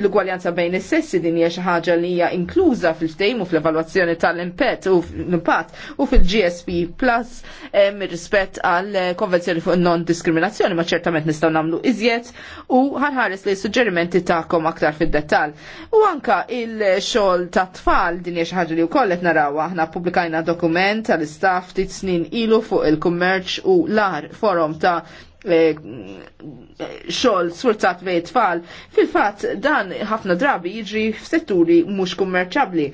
L-ugwaljanza bejn is-sessi din hija xi ħaġa li hija inkluża fil-ftehim u fl-evalwazzjoni tal-impett u l-impatt u fil-GSP Plus rispett għal eh, konvenzjoni fuq non-diskriminazzjoni ma ċertament nistgħu nagħmlu iżjed u ħarħares li suġġerimenti tagħkom aktar fid-dettall. U anka il-xogħol ta' tfal din hija xi ħaġa li wkoll qed naraw aħna pubblikajna dokument tal-istaff ftit snin ilu fuq il-kummerċ u l-ar forum ta' E, xogħol sfurzat bejn tfal, fil-fatt dan ħafna drabi jiġri f'setturi mhux kummerċabbli.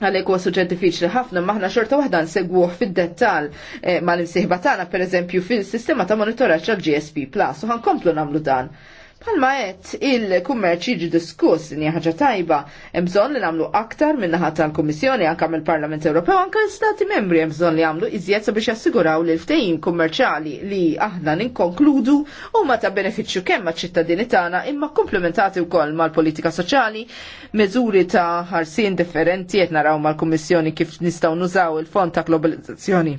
Għalek huwa suġġett diffiċli ħafna maħna xorta waħda nsegwuh fid-dettal e, mal-imsieħba tagħna pereżempju fil-sistema ta' monitoraġġ tal-GSP Plus u komplu nagħmlu dan. Palma qed il-kummerċ jiġi diskuss li ħaġa tajba, hemm bżonn li nagħmlu aktar minn naħa tal-Kummissjoni anke mill-Parlament Ewropew anke l-Stati membri hemm bżonn li jagħmlu iżjed sabiex jassiguraw li l-ftehim kummerċjali li aħna ninkonkludu huma ta' benefiċċju kemm għaċ-ċittadini tagħna imma komplementati wkoll mal-politika soċjali, miżuri ta' ħarsien differenti qed naraw mal-Kummissjoni kif nistgħu nużaw il-fond ta' globalizzazzjoni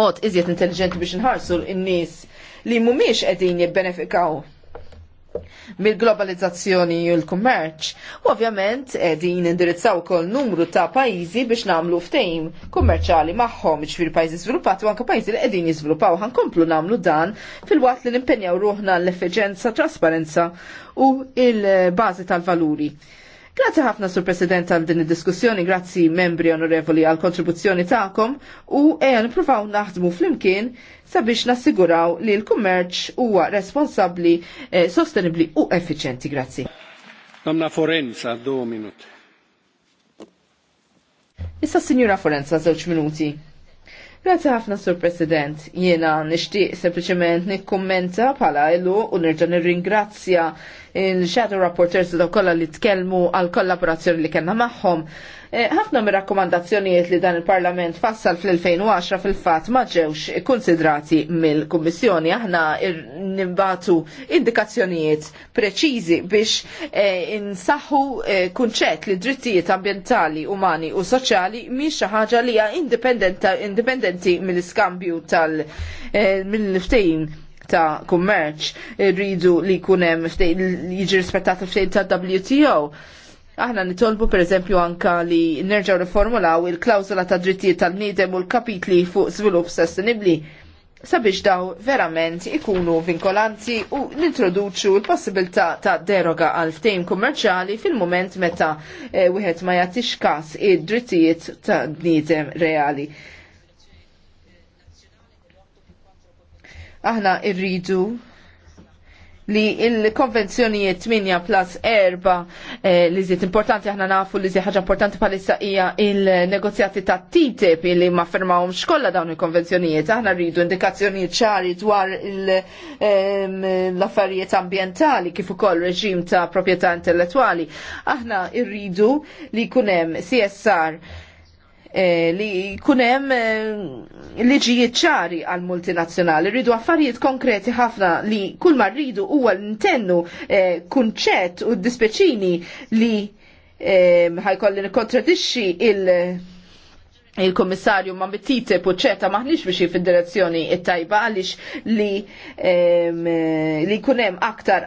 mod iżjed intelligenti biex nħarsu n-nies li mumiex qegħdin jibbenefikaw mill-globalizzazzjoni u l-kummerċ. U ovvjament din indirizzaw kol numru ta' pajizi biex namlu ftejm kummerċali magħhom ċfir pajizi sviluppati u anka pajizi li qegħdin Għan komplu namlu dan fil-waqt li nimpenjaw ruħna l-effiċenza, trasparenza u il-bażi tal-valuri. Grazzi ħafna sur President għal din id-diskussjoni, grazzi membri onorevoli għal kontribuzzjoni ta'kom u għen provaw naħdmu flimkien sabiex nassiguraw li l-kummerċ huwa responsabli, eh, sostenibli u effiċenti. Grazzi. Domna Forenza, do minuti. Issa Signora Forenza, zewċ minuti. Grazzi ħafna Sur President, jiena nixtieq sempliċement nikkummenta bħala ilu u nerġa' nirringrazzja il-Shadow Rapporters da kollha li tkellmu għal kollaborazzjoni li kellna magħhom Eh, ħafna mir rakkomandazzjonijiet li dan il-Parlament fassal fl-2010 fil-fatt ma ġewx konsidrati mill-Kummissjoni. Aħna nimbatu indikazzjonijiet preċiżi biex eh, insaħħu eh, kunċett li drittijiet ambientali, umani u soċjali mhix xi ħaġa li hija indipendenti mill-iskambju tal mill-ftejn ta' kummerċ rridu li kunem jiġi rispettat il-ftejn ta' WTO Aħna nitolbu per eżempju anka li nerġaw riformulaw il-klawzula ta' drittijiet tal-nidem u l-kapitli fuq svilup sostenibli sabiex daw verament ikunu vinkolanti u nintroduċu l-possibilità ta' deroga għal ftejn kummerċali fil-moment meta e, wieħed ma jagħtix każ id-drittijiet ta' nidem reali. Aħna irridu li il-konvenzjonijiet 8 plus 4 eh, li zit importanti aħna nafu li zit ħaġa importanti palissa hija il-negozjati ta' TTIP li ma fermawhom xkolla dawn il-konvenzjonijiet aħna rridu indikazzjonijiet ċari dwar l-affarijiet ambientali kif ukoll reġim ta' proprjetà intellettwali aħna rridu li kunem CSR Eh, li kunem eh, liġijiet ċari għal multinazzjonali. Rridu affarijiet konkreti ħafna li kull ma rridu huwa intennu eh, kunċett u d dispeċini li ħajkollin kontradixxi il- il-komissarju ma bittite poċeta maħniex biex fid direzzjoni it-tajba għalix li li kunem aktar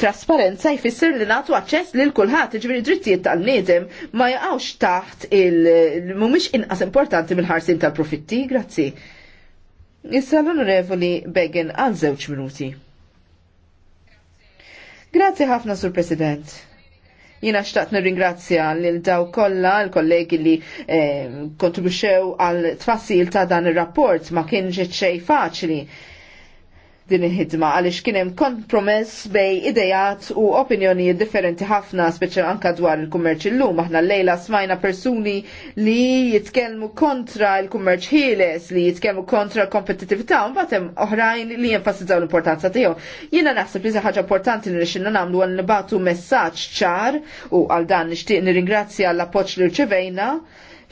trasparenza jfisser li natu għacċess li l-kulħat ġviri jiġifieri drittijiet tal-nedem ma jgħawx taħt il-mumiex inqas importanti mill-ħarsin tal-profitti, grazzi. Issa l-onorevoli Begin għal żewġ minuti. Grazzi ħafna, Sur President. Jina xtaqt nirringrazzja lil daw kollha l-kollegi li eh, kontribuxew għal tfassil ta' dan ir-rapport ma kienġi xejn faċli din il-ħidma għaliex kien hemm kompromess bej idejat u opinjonijiet differenti ħafna speċa anka dwar il-kummerċ il-lum. aħna lejla smajna persuni li jitkellmu kontra il-kummerċ ħieles li jitkellmu kontra l-kompetitività un batem hemm oħrajn li jenfasizzaw l-importanza tiegħu. Jiena naħseb li ħaġa importanti li rixinna nagħmlu għal nibatu messaġġ ċar u għal dan nixtieq nirringrazzja l-appoġġ li rċevejna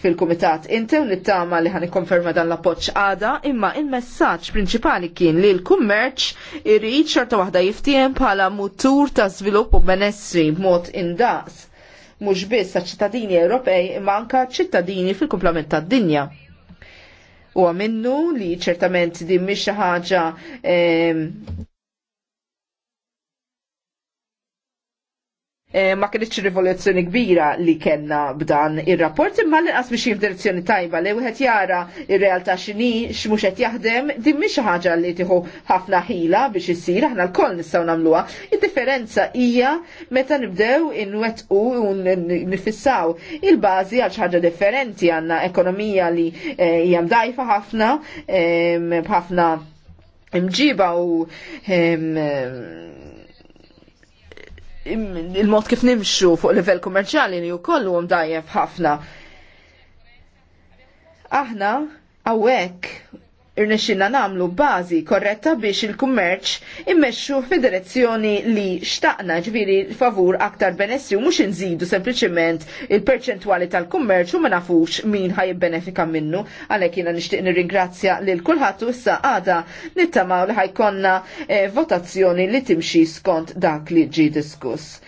fil-Kumitat Intew li tama li ħani konferma dan l-appoċ għada imma il-messaċ prinċipali kien li l-kummerċ irrid xorta waħda jiftiem bħala mutur ta' svilupp u benessri b'mod indaqs mhux biss ta' ċittadini Ewropej imma anka ċittadini fil-kumplament tad-dinja. U għamennu li ċertament din mhix xi ħaġa eh, Eh, ma kienx rivoluzzjoni kbira li kellna b'dan ir-rapport imma l-inqas biex f'direzzjoni tajba li wieħed jara r realtà x'inhi x'mhux qed jaħdem din mhix ħaġa li tieħu ħafna ħila biex issir aħna lkoll nistgħu nagħmluha. Id-differenza hija meta nibdew inwettqu u nifissaw il-bażi għal xi ħaġa differenti għandna ekonomija li eh, hija mdajfa ħafna eh, b'ħafna imġiba u il-mod kif nimxu fuq livell kummerċjali li wkoll huwa dajjeb ħafna. Aħna hawnhekk irnexxinna namlu bażi korretta biex il-kummerċ immexxu fid-direzzjoni li xtaqna ġviri favur aktar benessi u mhux inżidu sempliċement il-perċentwali tal-kummerċ u ma nafux min ħaj benefika minnu. Għalhekk jiena nixtieq nirringrazzja lil kulħadd u issa għada nittamaw li ħajkonna eh, votazzjoni li timxi skont dak li ġi diskuss.